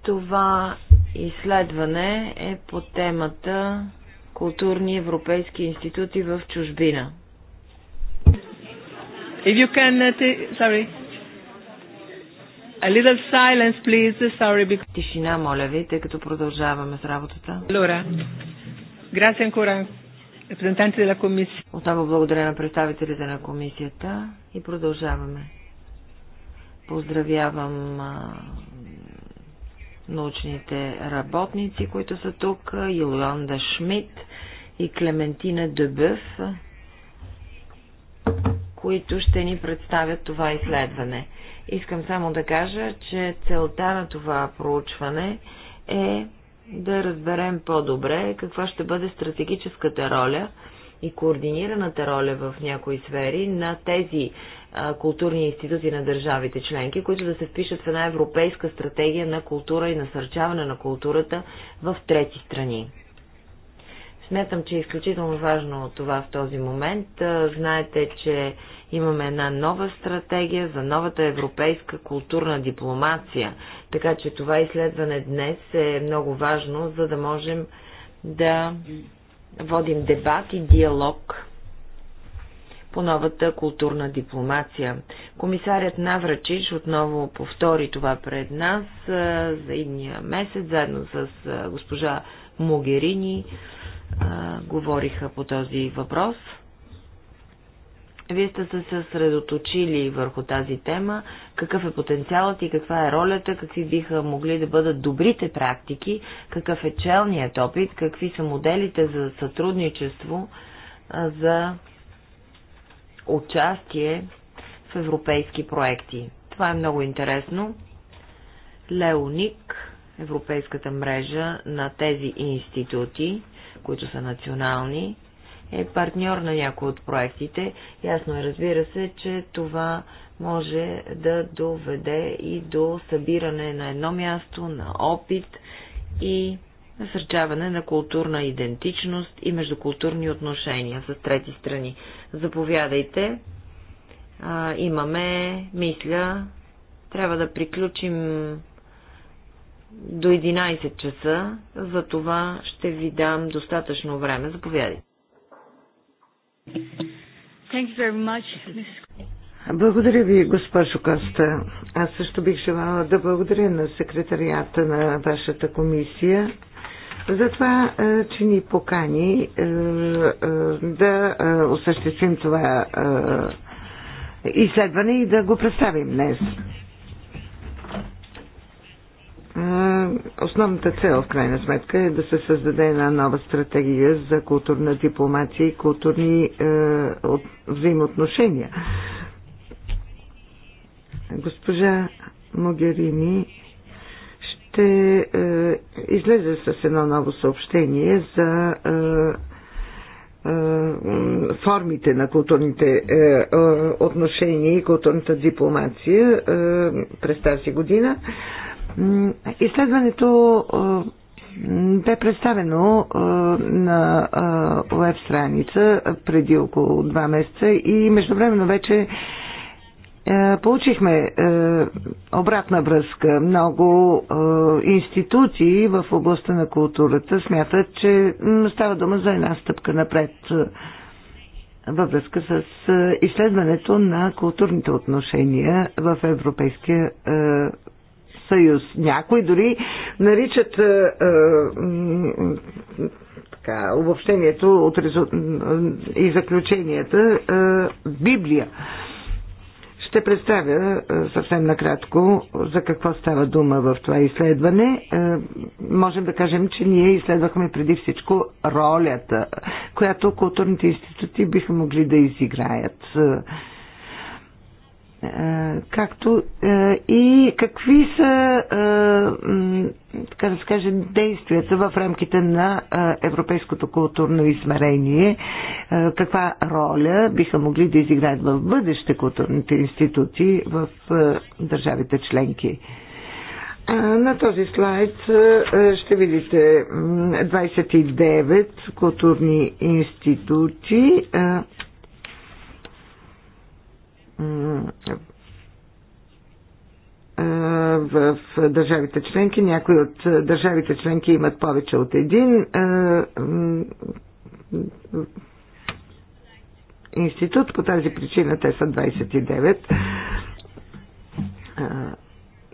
Това изследване е по темата културни европейски институти в чужбина. If you can, uh, sorry. A little silence, please. Sorry, because... Тишина, моля ви, тъй като продължаваме с работата. Лора, грация ancora репрезентантите на комисия. Отново благодаря на представителите на комисията и продължаваме. Поздравявам научните работници, които са тук, Йоланда Шмидт, и Клементина Дебъв, които ще ни представят това изследване. Искам само да кажа, че целта на това проучване е да разберем по-добре каква ще бъде стратегическата роля и координираната роля в някои сфери на тези а, културни институти на държавите членки, които да се впишат в една европейска стратегия на култура и насърчаване на културата в трети страни. Смятам, че е изключително важно това в този момент. Знаете, че имаме една нова стратегия за новата европейска културна дипломация. Така че това изследване днес е много важно, за да можем да водим дебат и диалог по новата културна дипломация. Комисарят Наврачич отново повтори това пред нас за едния месец, заедно с госпожа Могерини говориха по този въпрос. Вие сте се съсредоточили върху тази тема, какъв е потенциалът и каква е ролята, какви биха могли да бъдат добрите практики, какъв е челният опит, какви са моделите за сътрудничество, за участие в европейски проекти. Това е много интересно. Леоник, Европейската мрежа на тези институти, които са национални, е партньор на някои от проектите. Ясно е, разбира се, че това може да доведе и до събиране на едно място, на опит и насърчаване на културна идентичност и междукултурни отношения с трети страни. Заповядайте. А, имаме, мисля, трябва да приключим до 11 часа, за това ще ви дам достатъчно време. Заповядайте. Благодаря ви, госпожо Коста. Аз също бих желала да благодаря на секретарията на вашата комисия за това, е, че ни покани е, е, да осъществим това изследване и да го представим днес. Основната цел, в крайна сметка, е да се създаде една нова стратегия за културна дипломация и културни е, взаимоотношения. Госпожа Могерини ще е, излезе с едно ново съобщение за е, е формите на културните е, е, отношения и културната дипломация през тази година. Изследването бе представено на веб страница преди около два месеца и междувременно вече получихме обратна връзка. Много институции в областта на културата смятат, че става дума за една стъпка напред във връзка с изследването на културните отношения в Европейския съюз. Някои дори наричат е, е, така, обобщението от резу... и заключенията е, Библия. Ще представя е, съвсем накратко за какво става дума в това изследване. Е, можем да кажем, че ние изследвахме преди всичко ролята, която културните институти биха могли да изиграят е, е, както е, и какви са, е, така да скажем, действията в рамките на европейското културно измерение, каква роля биха могли да изиграят в бъдеще културните институти в държавите членки. На този слайд ще видите 29 културни институти в държавите членки. Някои от държавите членки имат повече от един институт. По тази причина те са 29.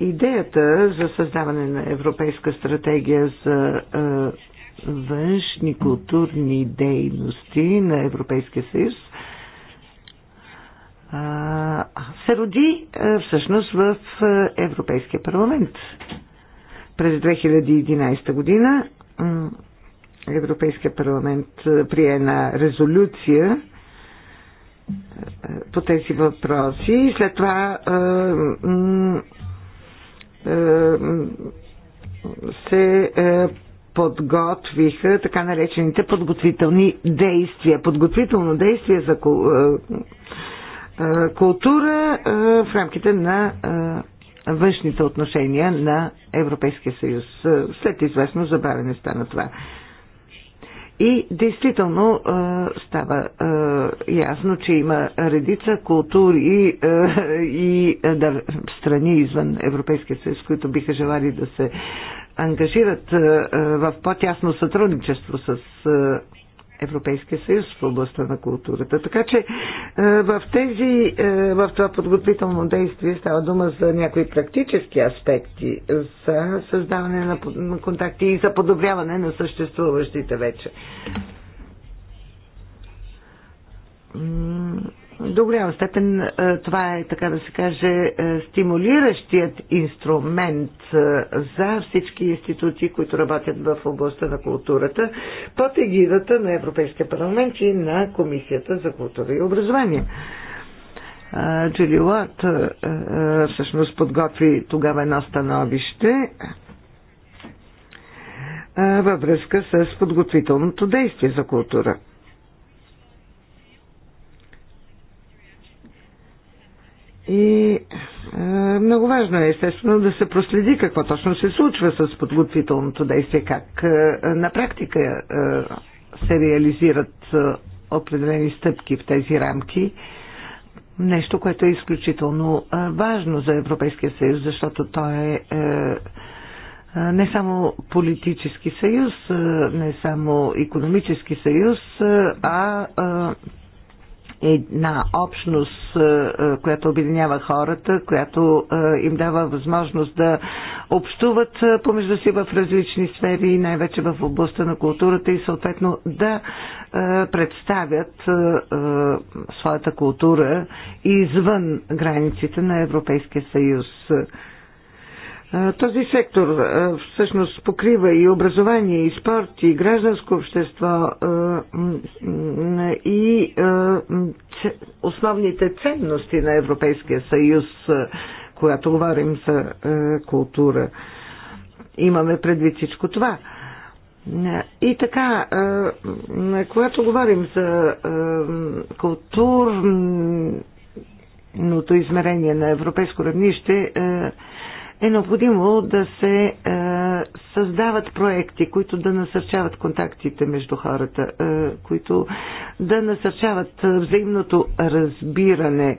Идеята за създаване на европейска стратегия за външни културни дейности на Европейския съюз – се роди е, всъщност в е, Европейския парламент. През 2011 година Европейския парламент е, прие една резолюция по тези въпроси и след това се подготвиха така наречените подготвителни действия. Подготвително действие за култура в рамките на външните отношения на Европейския съюз. След известно забавене стана това. И действително става ясно, че има редица култури и страни извън Европейския съюз, които биха желали да се ангажират в по-тясно сътрудничество с Европейския съюз в областта на културата. Така че е, в, тези, е, в това подготвително действие става дума за някои практически аспекти, за създаване на контакти и за подобряване на съществуващите вече до голяма степен е, това е, така да се каже, е, стимулиращият инструмент е, за всички институции, които работят в областта на културата, под егидата на Европейския парламент и на Комисията за култура и образование. Джили Лот всъщност подготви тогава едно становище във връзка с подготвителното действие за култура. И е, много важно е, естествено, да се проследи какво точно се случва с подготвителното действие, как е, на практика е, се реализират е, определени стъпки в тези рамки. Нещо, което е изключително е, важно за Европейския съюз, защото той е, е не само политически съюз, не само економически съюз, а една общност, е, е, която обединява хората, която е, им дава възможност да общуват помежду си в различни сфери, най-вече в областта на културата и съответно да представят своята култура извън границите на Европейския съюз. Този сектор всъщност покрива и образование, и спорт, и гражданско общество, и основните ценности на Европейския съюз, когато говорим за култура. Имаме предвид всичко това. И така, когато говорим за културното измерение на европейско равнище, е необходимо да се е, създават проекти, които да насърчават контактите между хората, е, които да насърчават взаимното разбиране, е,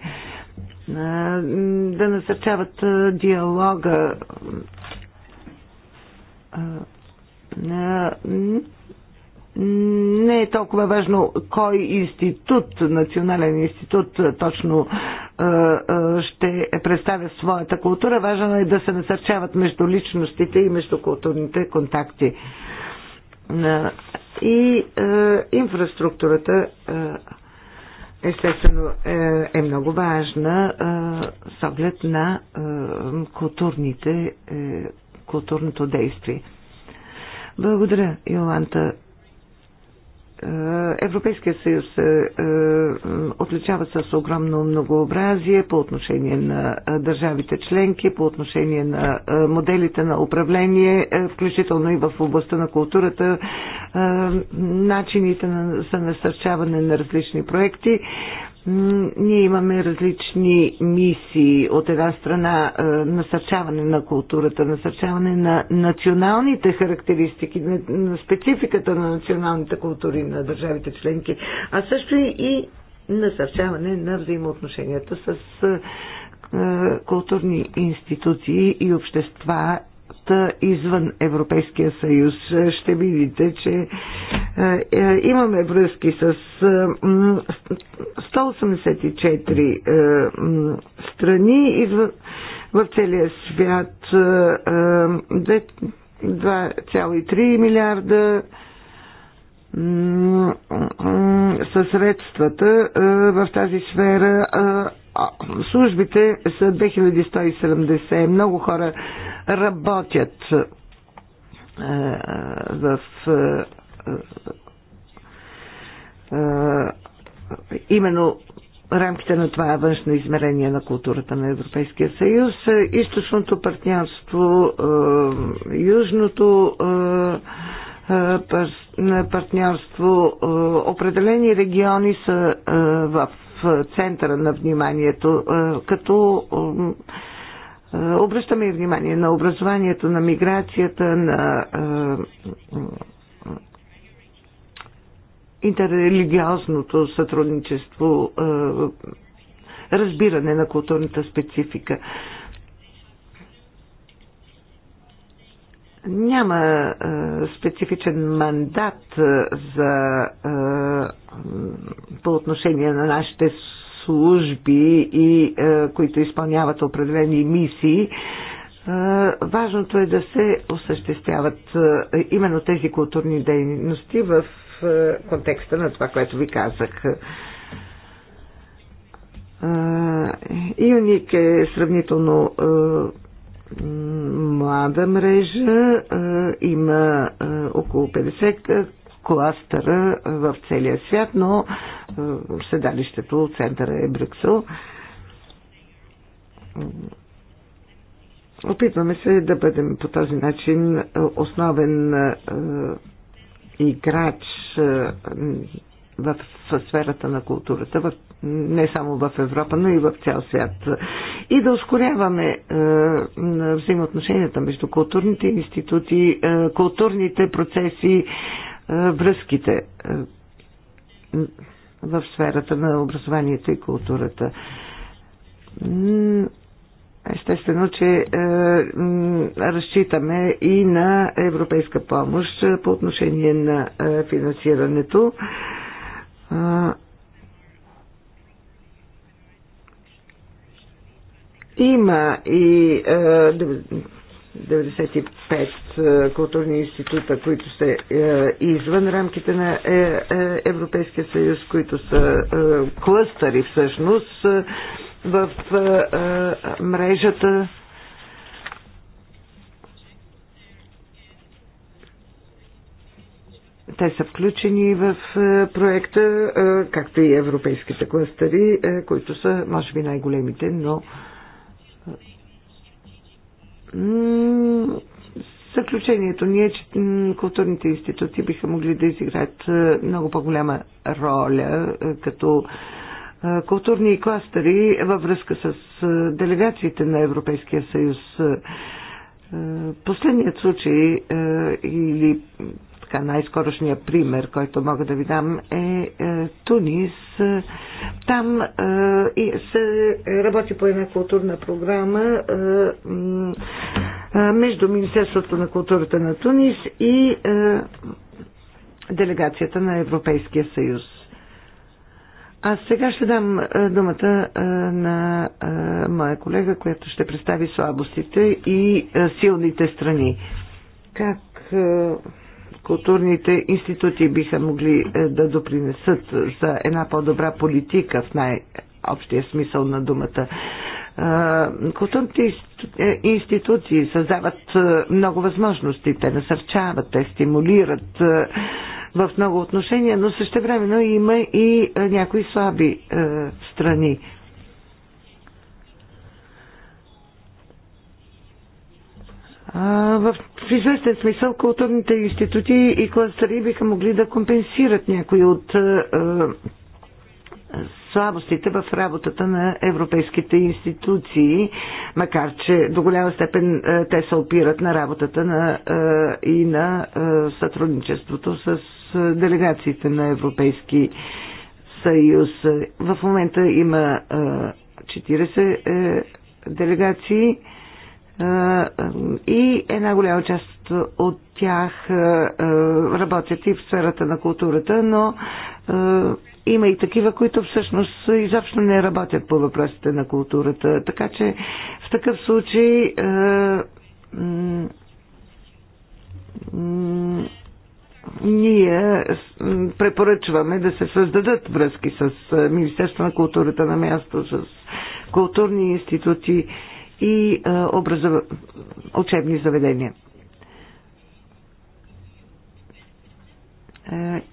да насърчават е, диалога. Е, е не е толкова важно кой институт, национален институт точно ще представя своята култура. Важно е да се насърчават между личностите и между културните контакти. И инфраструктурата естествено е, е много важна с оглед на културните, е, културното действие. Благодаря, Йоланта е, Европейския съюз е, е, се отличава с огромно многообразие по отношение на държавите членки, по отношение на моделите на управление, включително и в областта на културата, начините за насърчаване на различни проекти. Ние имаме различни мисии. От една страна е, насърчаване на културата, насърчаване на националните характеристики, на спецификата на националните култури на държавите членки, а също и насърчаване на взаимоотношенията с е, е, културни институции и общества извън Европейския съюз. Ще видите, че е, е, имаме връзки с 184 е, страни извън в целия свят 2,3 милиарда със средствата в тази сфера. Службите са 2170. Много хора работят в именно рамките на това външно измерение на културата на Европейския съюз. Източното партньорство, южното партньорство. Определени региони са в центъра на вниманието, като обръщаме и внимание на образованието, на миграцията, на интеррелигиозното сътрудничество, разбиране на културната специфика. няма а, е, специфичен мандат е, за, а, е, по отношение на нашите служби, и, а, които изпълняват определени мисии. Важното е да се осъществяват именно тези културни дейности в контекста на това, което ви казах. Юник е сравнително млада мрежа. Има около 50 кластъра в целия свят, но седалището, центъра е Брюксел. Опитваме се да бъдем по този начин основен играч в сферата на културата в не само в Европа, но и в цял свят. И да ускоряваме е, взаимоотношенията между културните институти, е, културните процеси, е, връзките в сферата на образованието и културата. Естествено, че е, разчитаме и на европейска помощ по отношение на е, финансирането. Е, Има и 95 е, е, културни института, които са е, извън рамките на Европейския съюз, които са клъстъри всъщност в мрежата те са включени в проекта, както и европейските кластъри, които са, може би, най-големите, но Съключението ни е, че културните институции биха могли да изиграят е, много по-голяма роля е, като е, културни кластери във връзка с делегациите на Европейския съюз. Последният случай или така най-скорошния пример, който мога да ви дам е, е Тунис. Там е, се работи по една културна програма е, е, между Министерството на културата на Тунис и е, делегацията на Европейския съюз. А сега ще дам е, думата е, на е, моя колега, която ще представи слабостите и силните страни. Как културните институти биха могли е, да допринесат за една по-добра политика в най-общия смисъл на думата. Е, културните институции е, създават много възможности, те насърчават, те стимулират в много отношения, но същевременно има и някои слаби страни в известен смисъл културните институти и кластери биха могли да компенсират някои от слабостите в работата на европейските институции, макар че до голяма степен те се опират на работата на, и на сътрудничеството с делегациите на Европейски съюз. В момента има 40 е, делегации и една голяма част от тях работят и в сферата на културата, но има и такива, които всъщност изобщо не работят по въпросите на културата. Така че в такъв случай ние препоръчваме да се създадат връзки с Министерство на културата на място, с културни институти, и образов... учебни заведения.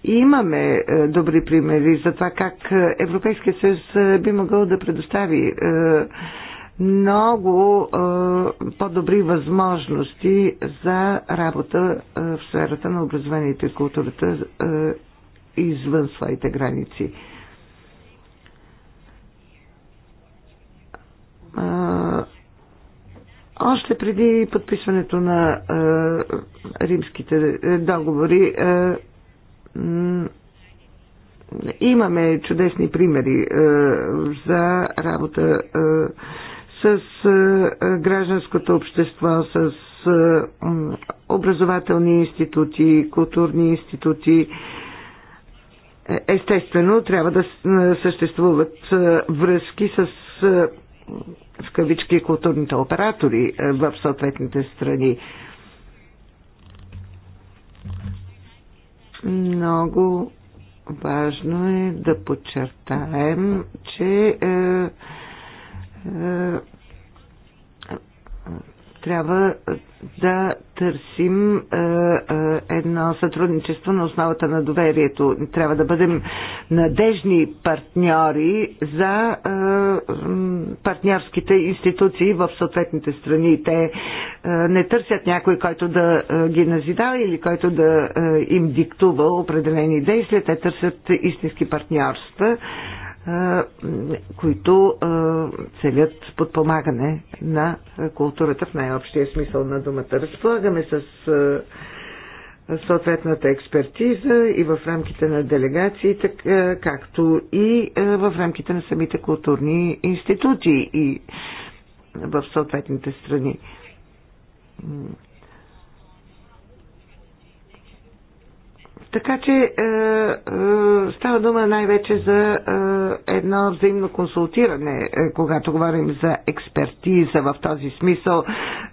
Имаме добри примери за това как Европейския съюз би могъл да предостави много по-добри възможности за работа в сферата на образованието и културата извън своите граници. Още преди подписването на е, римските е, договори е, имаме чудесни примери е, за работа е, с е, гражданското общество, с е, образователни институти, културни институти. Е, естествено, трябва да е, съществуват връзки с в кавички културните оператори е, в съответните страни. Много важно е да подчертаем, че е, е, трябва да търсим е, е, едно сътрудничество на основата на доверието. Трябва да бъдем надежни партньори за е, партньорските институции в съответните страни. Те не търсят някой, който да ги назидава или който да им диктува определени действия. Те търсят истински партньорства които целят подпомагане на културата в най-общия смисъл на думата. Разполагаме с съответната експертиза и в рамките на делегациите, както и в рамките на самите културни институти и в съответните страни. Така че е, е, става дума най-вече за е, едно взаимно консултиране, е, когато говорим за експертиза в този смисъл.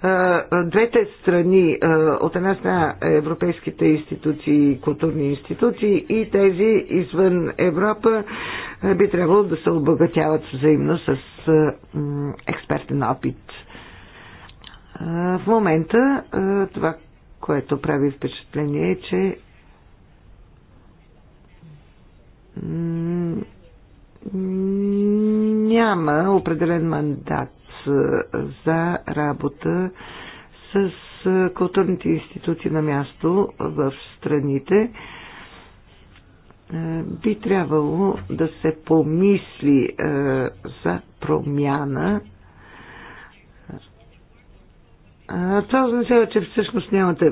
Е, е двете страни, е, от една страна европейските институции, културни институции и тези извън Европа, е, би трябвало да се обогатяват взаимно с е, експертен опит. Е, в момента е, това, което прави впечатление е, че няма определен мандат за работа с културните институти на място в страните, би трябвало да се помисли за промяна. Това означава, че всъщност нямате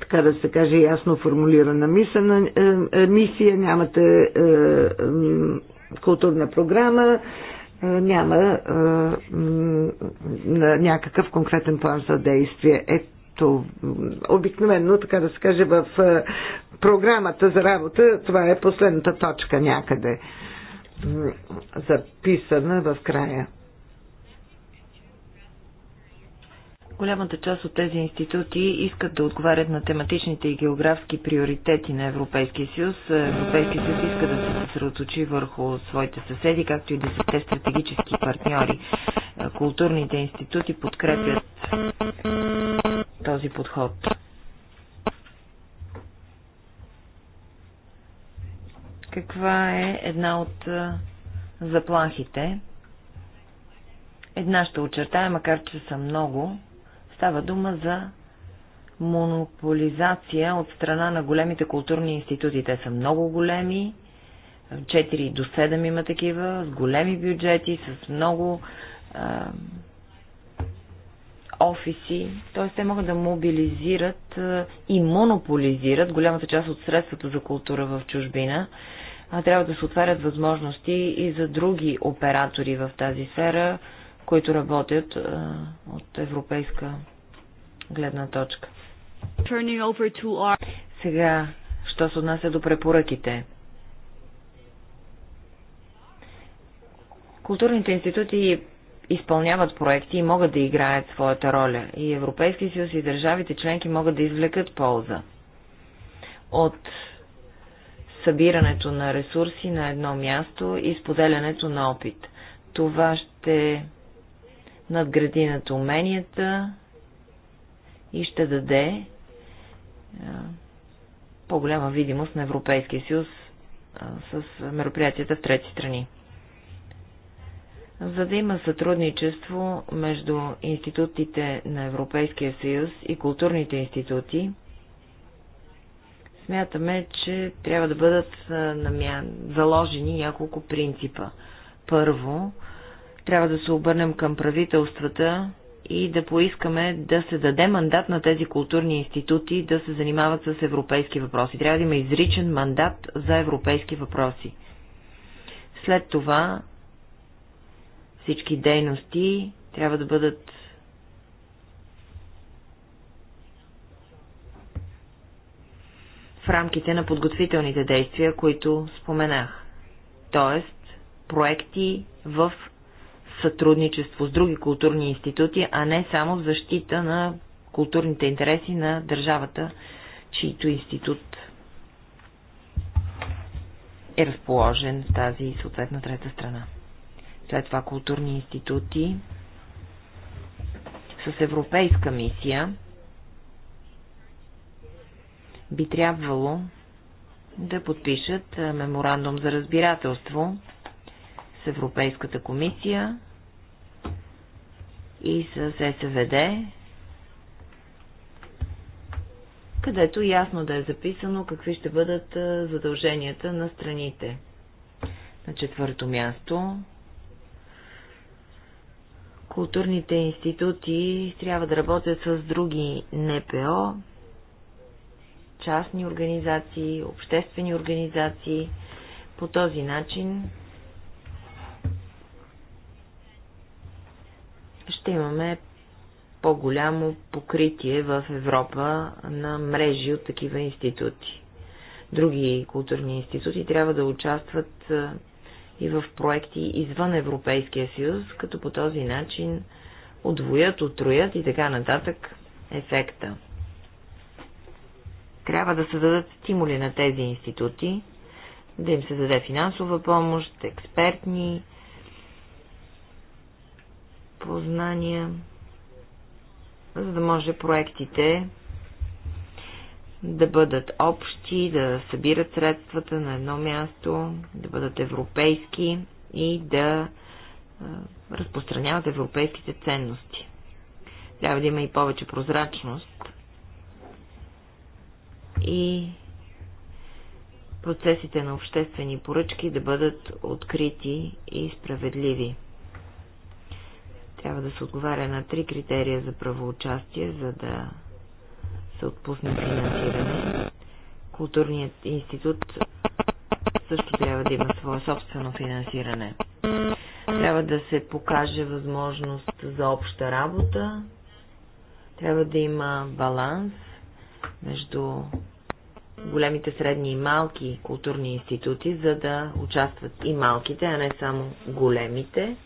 така да се каже, ясно формулирана мисия, нямате културна програма, е, няма е, някакъв конкретен план за действие. Ето, обикновено, така да се каже, в е, програмата за работа това е последната точка някъде записана в края. Голямата част от тези институти искат да отговарят на тематичните и географски приоритети на Европейския съюз. Европейския съюз иска да се съсредоточи върху своите съседи, както и да те стратегически партньори. Културните институти подкрепят този подход. Каква е една от заплахите? Една ще очертая, макар че са много, Става дума за монополизация от страна на големите културни институти. Те са много големи, 4 до 7 има такива, с големи бюджети, с много е, офиси. Т.е. те могат да мобилизират е, и монополизират голямата част от средствата за култура в чужбина. А трябва да се отварят възможности и за други оператори в тази сфера, които работят от европейска гледна точка. Сега, що се отнася до препоръките? Културните институти изпълняват проекти и могат да играят своята роля. И Европейски съюз и държавите членки могат да извлекат полза от събирането на ресурси на едно място и споделянето на опит. Това ще надгради над уменията и ще даде по-голяма видимост на Европейския съюз с мероприятията в трети страни. За да има сътрудничество между институтите на Европейския съюз и културните институти, смятаме, че трябва да бъдат заложени няколко принципа. Първо, трябва да се обърнем към правителствата и да поискаме да се даде мандат на тези културни институти да се занимават с европейски въпроси. Трябва да има изричен мандат за европейски въпроси. След това всички дейности трябва да бъдат в рамките на подготвителните действия, които споменах. Тоест, проекти в сътрудничество с други културни институти, а не само в защита на културните интереси на държавата, чийто институт е разположен в тази съответна трета страна. След това културни институти с европейска мисия би трябвало да подпишат меморандум за разбирателство с Европейската комисия и с СВД, където ясно да е записано какви ще бъдат задълженията на страните. На четвърто място културните институти трябва да работят с други НПО, частни организации, обществени организации. По този начин ще имаме по-голямо покритие в Европа на мрежи от такива институти. Други културни институти трябва да участват и в проекти извън Европейския съюз, като по този начин отвоят, отруят и така нататък ефекта. Трябва да се дадат стимули на тези институти, да им се даде финансова помощ, експертни познания, за да може проектите да бъдат общи, да събират средствата на едно място, да бъдат европейски и да разпространяват европейските ценности. Трябва да има и повече прозрачност и процесите на обществени поръчки да бъдат открити и справедливи. Трябва да се отговаря на три критерия за правоучастие, за да се отпусне финансиране. Културният институт също трябва да има свое собствено финансиране. Трябва да се покаже възможност за обща работа. Трябва да има баланс между големите, средни и малки културни институти, за да участват и малките, а не само големите.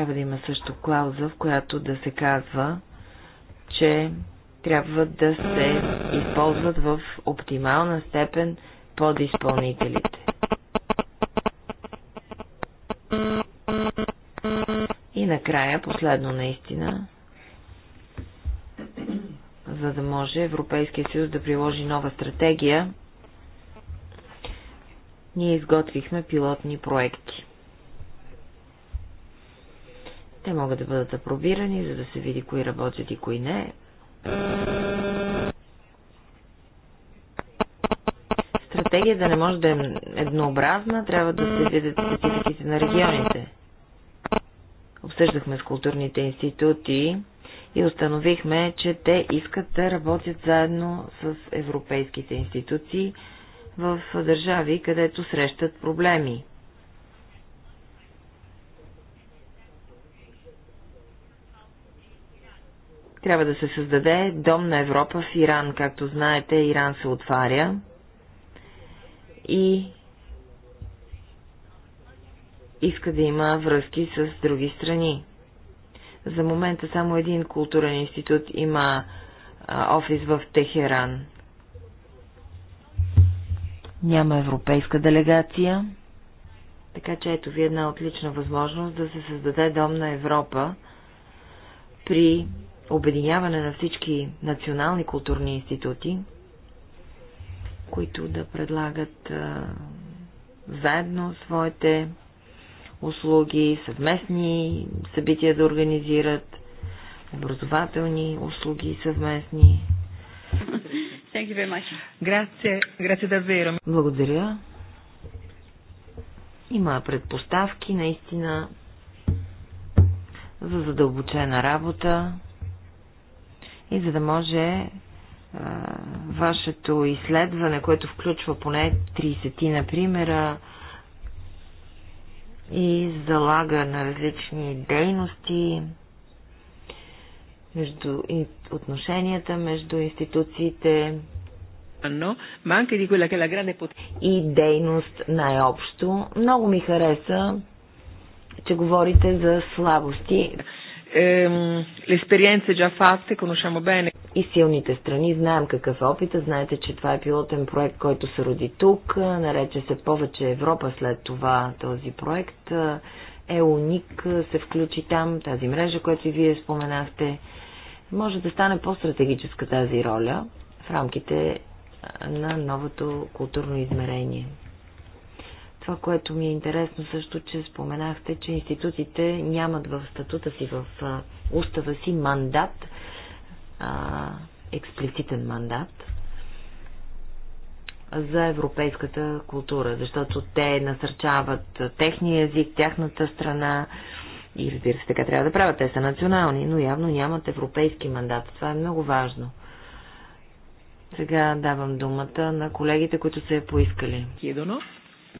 Трябва да има също клауза, в която да се казва, че трябва да се използват в оптимална степен подизпълнителите. И накрая, последно наистина, за да може Европейския съюз да приложи нова стратегия, ние изготвихме пилотни проекти. Те могат да бъдат апробирани, за да се види кои работят и кои не. Стратегия да не може да е еднообразна, трябва да се видят спецификите на регионите. Обсъждахме с културните институти и установихме, че те искат да работят заедно с европейските институции в държави, където срещат проблеми. Трябва да се създаде Дом на Европа в Иран. Както знаете, Иран се отваря и иска да има връзки с други страни. За момента само един културен институт има а, офис в Техеран. Няма европейска делегация. Така че ето ви една отлична възможност да се създаде Дом на Европа при обединяване на всички национални културни институти, които да предлагат а, заедно своите услуги, съвместни събития да организират, образователни услуги съвместни. Thank you very much. Grazie, grazie davvero. Благодаря. Има предпоставки наистина за задълбочена работа и за да може вашето изследване, което включва поне 30 на примера и залага на различни дейности между и отношенията между институциите е и дейност най-общо. Много ми хареса, че говорите за слабости. Ehm, le esperienze già fatte conosciamo bene. И силните страни знаем какъв е опита. Знаете, че това е пилотен проект, който се роди тук. Нарече се повече Европа след това този проект. Еоник се включи там, тази мрежа, която и вие споменахте. Може да стане по-стратегическа тази роля в рамките на новото културно измерение. Това, което ми е интересно също, че споменахте, че институциите нямат в статута си, в устава си мандат, а, експлицитен мандат за европейската култура, защото те насърчават техния език, тяхната страна и разбира се, така трябва да правят. Те са национални, но явно нямат европейски мандат. Това е много важно. Сега давам думата на колегите, които са я поискали. Кидонов.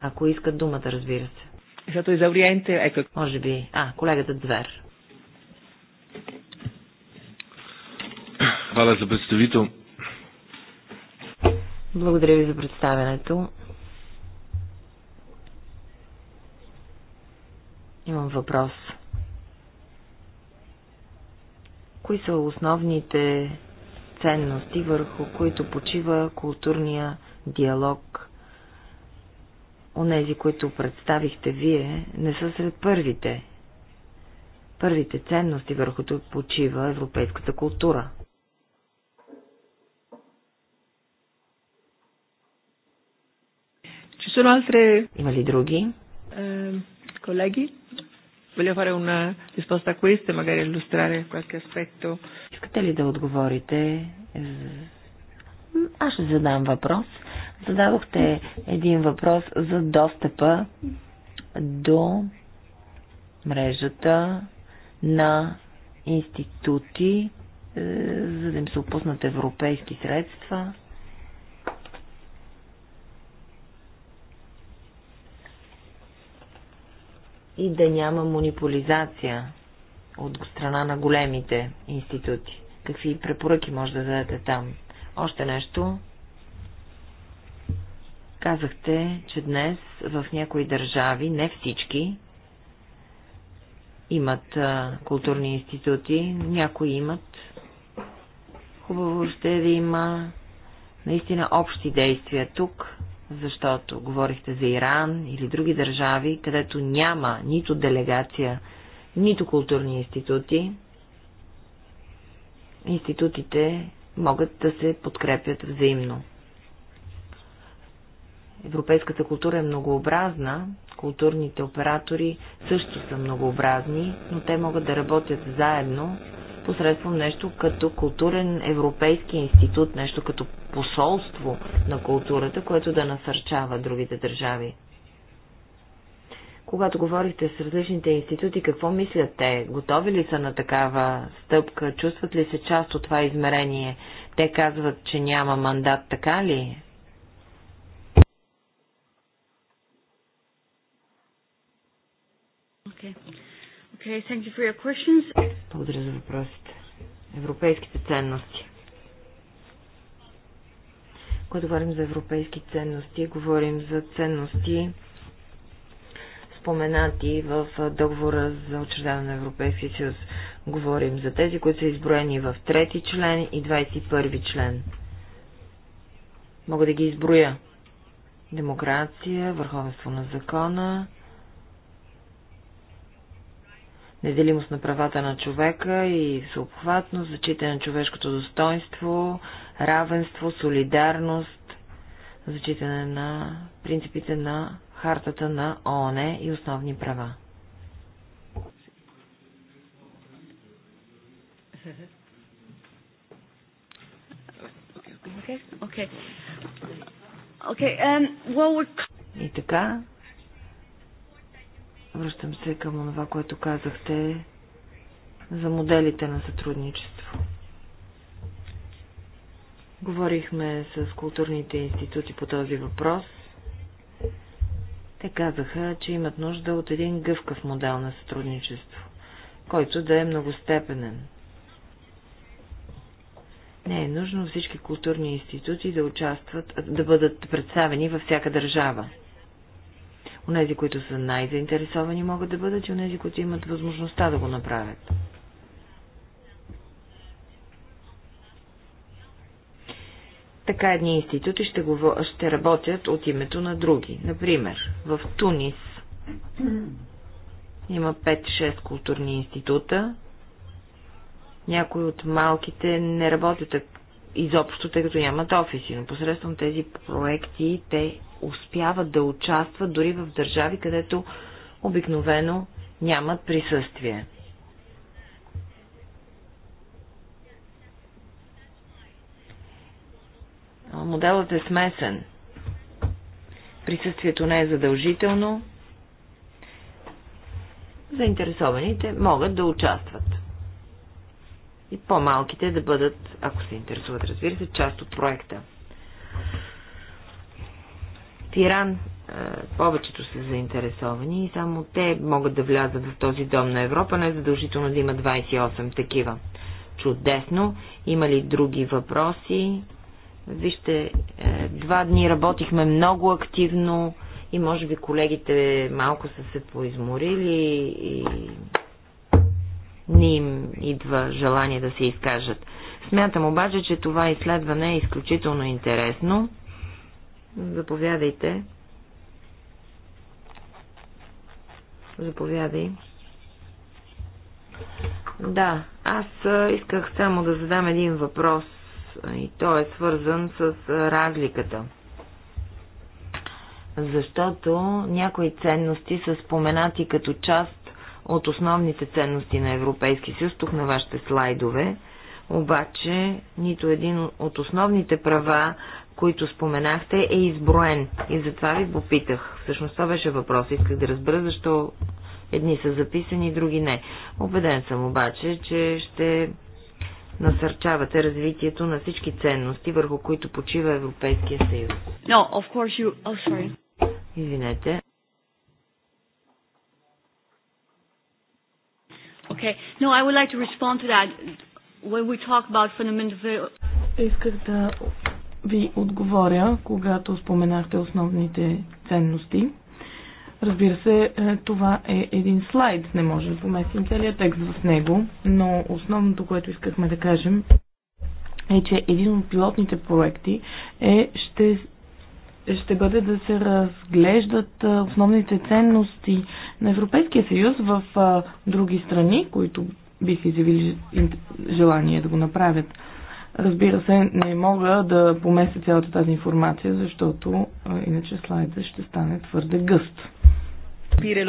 Ако искат думата, разбира се. Защото и за Ориенте, еко. Може би. А, колегата Двер. Хвала за представител. Благодаря ви за представянето. Имам въпрос. Кои са основните ценности, върху които почива културния диалог онези, които представихте вие, не са сред първите. Първите ценности, върхото почива европейската култура. Има ли други? колеги? Ehm, Voglio fare una risposta a e magari illustrare qualche aspetto. Искате ли да отговорите? Аз ще задам въпрос Зададохте един въпрос за достъпа до мрежата на институти, е, за да им се опуснат европейски средства. И да няма монополизация от страна на големите институти. Какви препоръки може да дадете там? Още нещо Казахте, че днес в някои държави, не всички, имат а, културни институти, някои имат. Хубаво ще е да има наистина общи действия тук, защото говорихте за Иран или други държави, където няма нито делегация, нито културни институти. Институтите могат да се подкрепят взаимно. Европейската култура е многообразна, културните оператори също са многообразни, но те могат да работят заедно посредством нещо като културен европейски институт, нещо като посолство на културата, което да насърчава другите държави. Когато говорихте с различните институти, какво мислят те? Готови ли са на такава стъпка? Чувстват ли се част от това измерение? Те казват, че няма мандат, така ли? Okay, thank you for your questions. Благодаря за въпросите. Европейските ценности. Когато говорим за европейски ценности, говорим за ценности, споменати в договора за учреждаване на Европейския съюз. Говорим за тези, които са изброени в трети член и 21 член. Мога да ги изброя. Демокрация, върховенство на закона, неделимост на правата на човека и всеобхватност, зачитане на човешкото достоинство, равенство, солидарност, зачитане на принципите на хартата на ООН и основни права. Okay, okay. Okay, um, well, we're... И така, Връщам се към това, което казахте за моделите на сътрудничество. Говорихме с културните институти по този въпрос. Те казаха, че имат нужда от един гъвкав модел на сътрудничество, който да е многостепенен. Не е нужно всички културни институти да участват, да бъдат представени във всяка държава. Онези, които са най-заинтересовани, могат да бъдат и онези, които имат възможността да го направят. Така едни институти ще, го, ще работят от името на други. Например, в Тунис има 5-6 културни института. Някои от малките не работят изобщо, тъй като нямат офиси, но посредством тези проекти те успяват да участват дори в държави, където обикновено нямат присъствие. Моделът е смесен. Присъствието не е задължително. Заинтересованите могат да участват. И по-малките да бъдат, ако се интересуват, разбира се, част от проекта. Тиран Иран повечето са заинтересовани и само те могат да влязат в този дом на Европа, не е задължително да има 28 такива. Чудесно. Има ли други въпроси? Вижте, е, два дни работихме много активно и може би колегите малко са се поизморили и не им идва желание да се изкажат. Смятам обаче, че това изследване е изключително интересно Заповядайте. Заповядай. Да, аз исках само да задам един въпрос и той е свързан с разликата. Защото някои ценности са споменати като част от основните ценности на Европейски съюз, тук на вашите слайдове, обаче нито един от основните права които споменахте, е изброен. И затова ви попитах. Всъщност това беше въпрос. Исках да разбера защо едни са записани, други не. Обеден съм обаче, че ще насърчавате развитието на всички ценности, върху които почива Европейския съюз. No, of course you... Oh, sorry. Извинете. Okay. No, I would like to respond to that. When we talk about fundamental... Исках да ви отговоря, когато споменахте основните ценности. Разбира се, е, това е един слайд, не може да поместим целият текст в него, но основното, което искахме да кажем, е, че един от пилотните проекти е, ще, ще бъде да се разглеждат е, основните ценности на Европейския съюз в е, други страни, които биха изявили желание да го направят. Разбира се, не мога да поместя цялата тази информация, защото иначе слайдът ще стане твърде гъст. Е-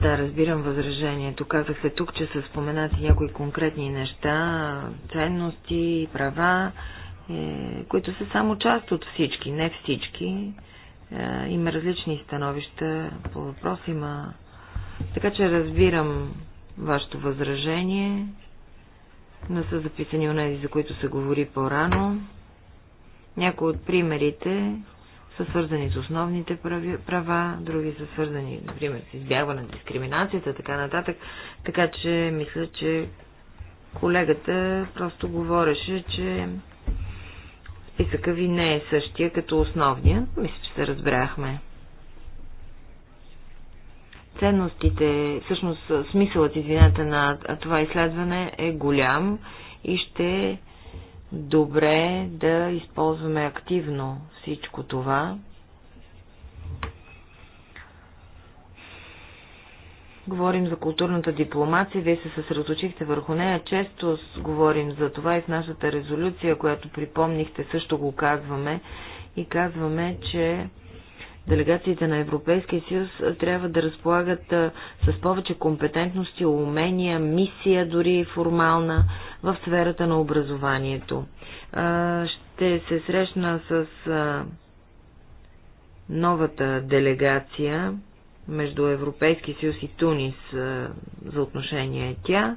да, разбирам възражението. Казах се тук, че са споменати някои конкретни неща, ценности, права, е, които са само част от всички, не всички. Е, има различни становища по въпрос, има... Така че разбирам вашето възражение не са записани у нези, за които се говори по-рано. Някои от примерите са свързани с основните права, други са свързани, например, с избягване на дискриминацията, така нататък. Така че мисля, че колегата просто говореше, че списъка ви не е същия като основния. Мисля, че се разбрахме. Ценностите, всъщност смисълът, извинете, на това изследване е голям и ще е добре да използваме активно всичко това. Говорим за културната дипломация, вие се съсредоточихте върху нея. Често говорим за това и в нашата резолюция, която припомнихте, също го казваме. И казваме, че Делегациите на Европейския съюз трябва да разполагат с повече компетентности, умения, мисия, дори формална, в сферата на образованието. Ще се срещна с новата делегация между Европейски съюз и Тунис за отношение тя.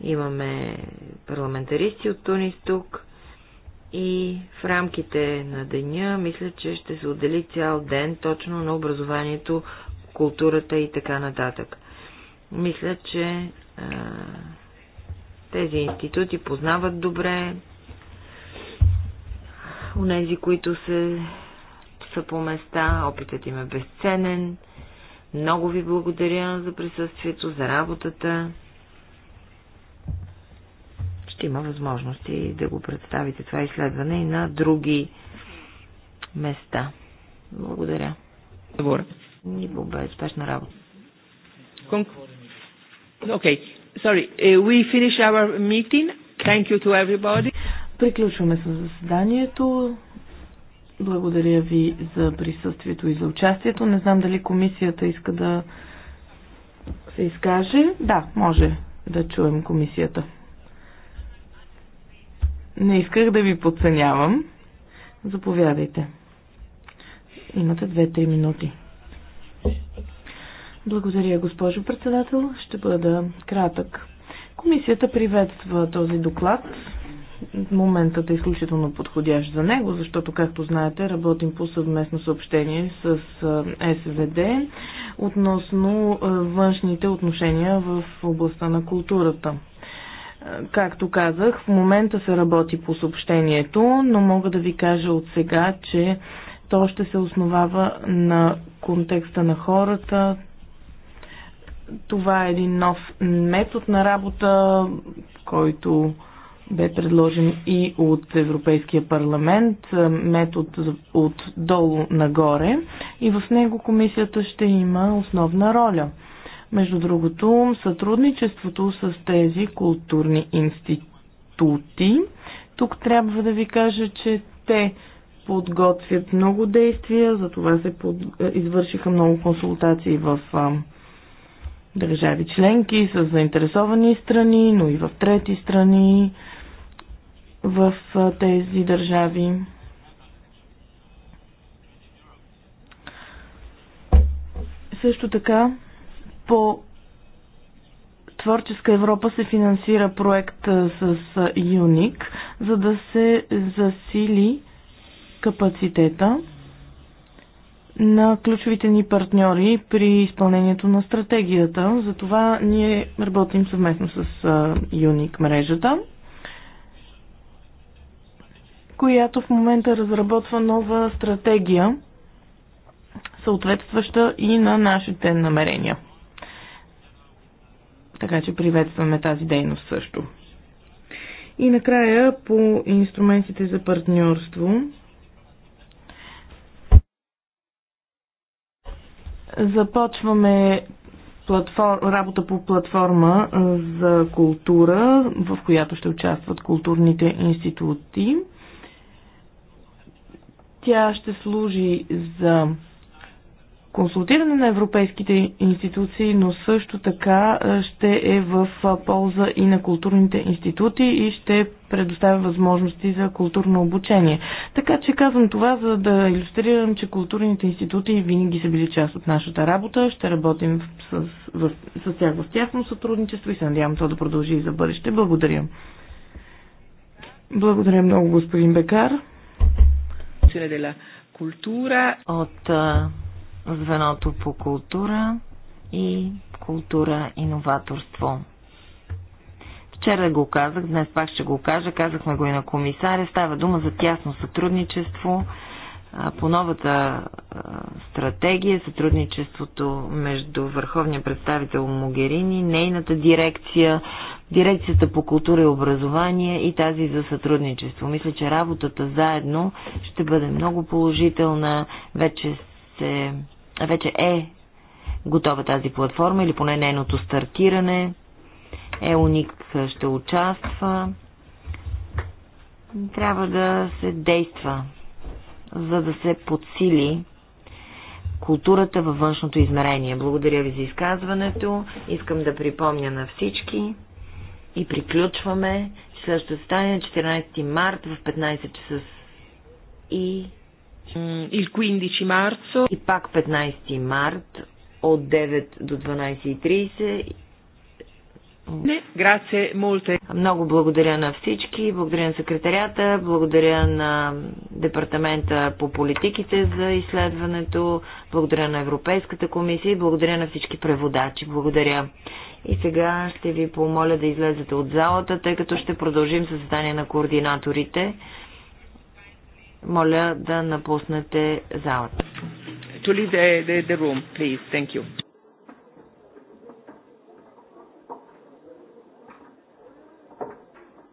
Имаме парламентаристи от Тунис тук и в рамките на деня мисля, че ще се отдели цял ден точно на образованието, културата и така нататък. Мисля, че а, тези институти познават добре унези, които се, са по места, опитът им е безценен. Много ви благодаря за присъствието, за работата ще има възможности да го представите това изследване и на други места. Благодаря. Добре. И бе успешна работа. Okay. Sorry. Uh, we finish our meeting. Thank you to everybody. Приключваме с заседанието. Благодаря ви за присъствието и за участието. Не знам дали комисията иска да се изкаже. Да, може да чуем комисията. Не исках да ви подценявам. Заповядайте. Имате две-три минути. Благодаря, госпожо председател. Ще бъда кратък. Комисията приветства този доклад. Моментът е изключително подходящ за него, защото, както знаете, работим по съвместно съобщение с СВД относно външните отношения в областта на културата. Както казах, в момента се работи по съобщението, но мога да ви кажа от сега, че то ще се основава на контекста на хората. Това е един нов метод на работа, който бе предложен и от Европейския парламент, метод от долу нагоре и в него комисията ще има основна роля – между другото, сътрудничеството с тези културни институти, тук трябва да ви кажа, че те подготвят много действия, за това се под... Е, извършиха много консултации в а, държави членки, с заинтересовани страни, но и в трети страни в а, тези държави. Също така по Творческа Европа се финансира проект с ЮНИК, за да се засили капацитета на ключовите ни партньори при изпълнението на стратегията. Затова ние работим съвместно с ЮНИК мрежата, която в момента разработва нова стратегия, съответстваща и на нашите намерения. Така че приветстваме тази дейност също. И накрая по инструментите за партньорство. Започваме платформ, работа по платформа за култура, в която ще участват културните институти. Тя ще служи за консултиране на европейските институции, но също така ще е в полза и на културните институти и ще предоставя възможности за културно обучение. Така че казвам това, за да иллюстрирам, че културните институти винаги са били част от нашата работа. Ще работим с, с, с тях в тяхно сътрудничество и се надявам то да продължи и за бъдеще. Благодаря. Благодаря много, господин Бекар. От звеното по култура и култура и новаторство. Вчера го казах, днес пак ще го кажа, казахме го и на комисаря. Става дума за тясно сътрудничество по новата стратегия, сътрудничеството между върховния представител Могерини, нейната дирекция, дирекцията по култура и образование и тази за сътрудничество. Мисля, че работата заедно ще бъде много положителна. Вече се, вече е готова тази платформа или поне нейното стартиране. Еоник ще участва. Трябва да се действа, за да се подсили културата във външното измерение. Благодаря ви за изказването. Искам да припомня на всички и приключваме. Следващото стане на 14 март в 15 часа и Il 15 marzo. И пак 15 март от 9 до 12.30. Не, грация, молте. Много благодаря на всички, благодаря на секретарята, благодаря на Департамента по политиките за изследването, благодаря на Европейската комисия и благодаря на всички преводачи. Благодаря. И сега ще ви помоля да излезете от залата, тъй като ще продължим със на координаторите моля да напуснете залата. To leave the, the, the room, please. Thank you.